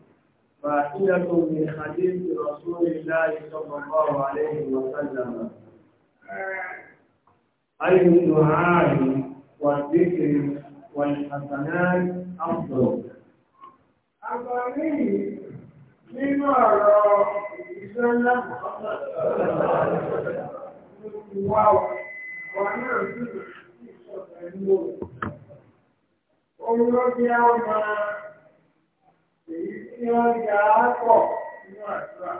فاحدة من حديث رسول الله صلى الله عليه وسلم أي الدعاء والذكر والحسنات أفضل أفضل nínú ọ̀rọ̀ ìṣẹ́ ńlá wà wà náà sí ìṣọ̀tẹ̀ èyí tí wọ́n ya á pọ̀ nínú àdúrà.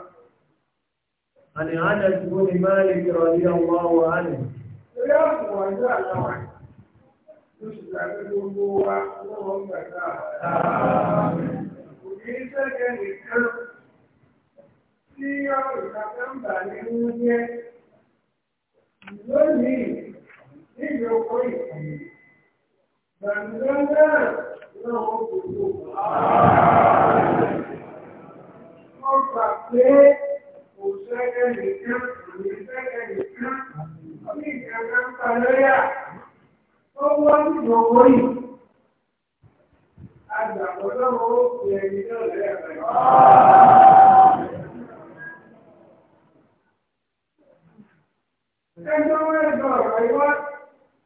Àní àádá ti bó ni máa lè jọ ní ọmọ wa nì. Lórí àpò ọjọ́ àláwà, ló sì dàbí gbogbo wa lọ́wọ́ gbàgbà. Wọ́n Ẹjọ́ wẹ́ẹ̀dọ̀ ọ̀rọ̀ ìwọ́n.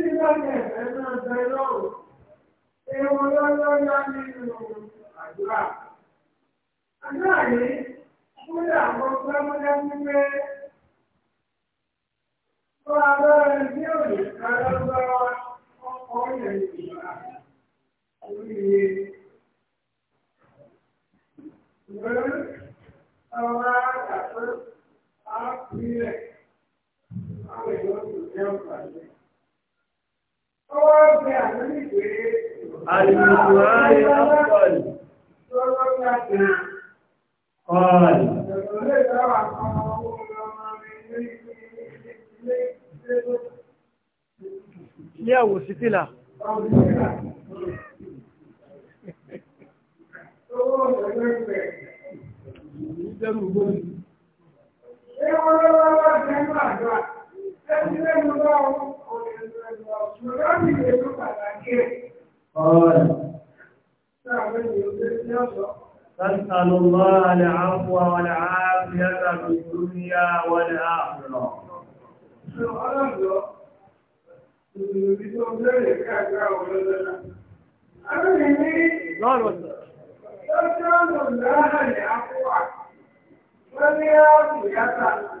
Nígbà yẹn ẹ máa bẹ lọ́rùn. Ọwọ́ ọ̀gbẹ̀ àlórí ìwé. Àlùkò ayé ọ̀pọ̀lù. Lọ́wọ́ gbàgbà. Ọ̀lù. Ìjọba ilé ìjọba àwọn lọ́wọ́ wá jẹ́ ń gbàdúrà. قال تسأل الله العفو والعافية في الدنيا والآخرة. تسأل الله العفو والعافية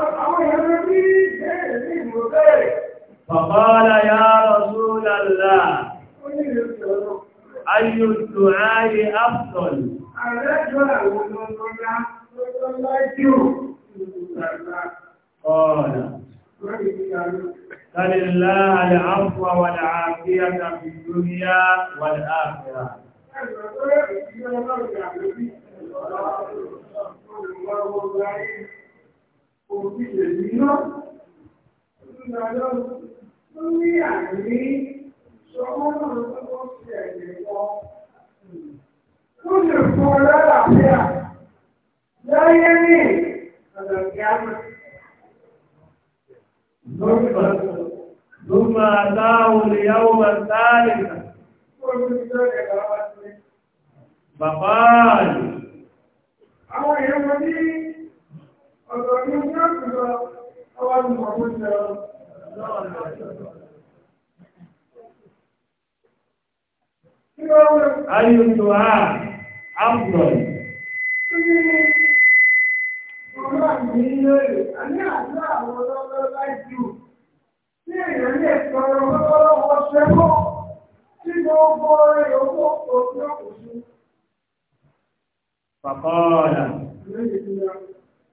Àwọn ìyàwó bí bẹ́ẹ̀ ní ìlú bẹ́ẹ̀. Bàbá aláyá Rasulallá. Ó ní ìrẹsì ọ̀rọ̀. Ayò tó ráyé Afton. Àrẹ́jọ́ àwọn ọmọ ọlá tó tọ́ láìjú ìrùsàlá. Ọ̀rọ̀. Kàlìlá àlàáfíà wà láàáfíà tàbí dúníyà wà láàáfíà. Ẹgbẹ̀rẹ̀ ìjọ́ ọlọ́rọ̀ òbí èyí wọn. ní ọ̀rọ̀ ní ọjọ́ ìjọ ọwọ́ ni mọ̀ mú a ní àdúrà àwọn ọlọ́lọ́ Ní èèyàn ní ẹ̀kọ́ ṣẹ́kọ́, tí owó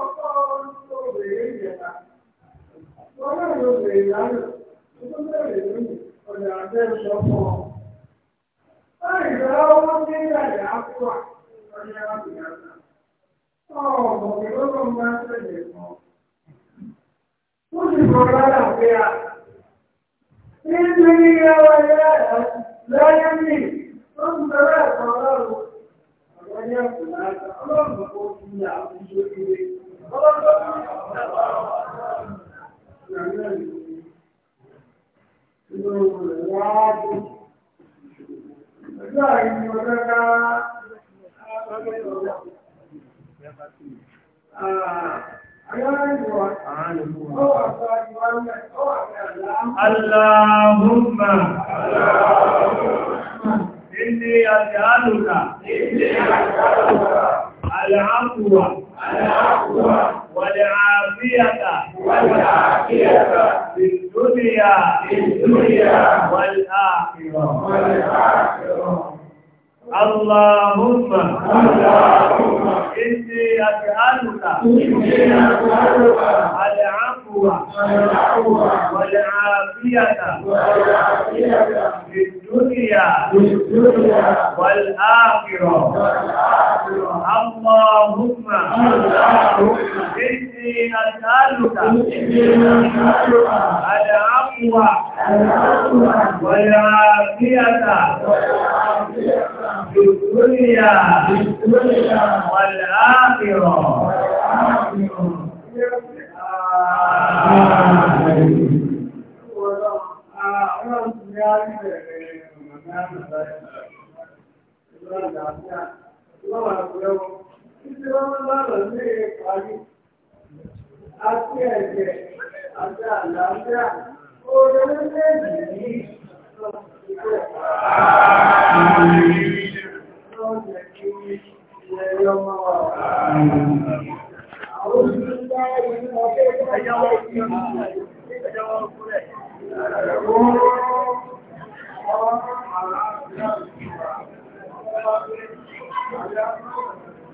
ọkọ obìnrin ìjẹta wọn náà ló bèrè lánàá tó bèrè lónìí ọ̀dà àbẹ́sọ fún ọ. báyìí lọ́wọ́ wọ́n dé ìyàrá àkúwà ọ̀dà àbíyànjá. ọ̀bọ̀ mi ló ló máa ń tẹ̀lé fún ọ. ó sì kọ́ wọ́n Allahumma Allahumma Ilé àjálùkà. Ilé àjálùkà. Àlàáfùwà. Àlàáfùwà. Wàlẹ̀ àfíyàtà. Wàlẹ̀ àfíyàtà. Ìdúnìyà. Ìdúnìyà. Wàlẹ̀ àfíyàtà. Wàlẹ̀ àfíyàtà. اللهم اللهم إني أسألك إني أسألك العفو والعافية في الدنيا والآخرة اللهم اللهم إني أسألك العفو والعافية في الدنيا والآخرة Thank you àti ẹ̀jẹ̀ àti àlàáfíà oore méjèèjì yìí lọ sí ìlú lọ́jọ́ kí ilẹ̀ yọmọ wa. Àwọn olùdókòwò ní ọjọ́ ìgbàlódé ti ń bọ̀. Thank you.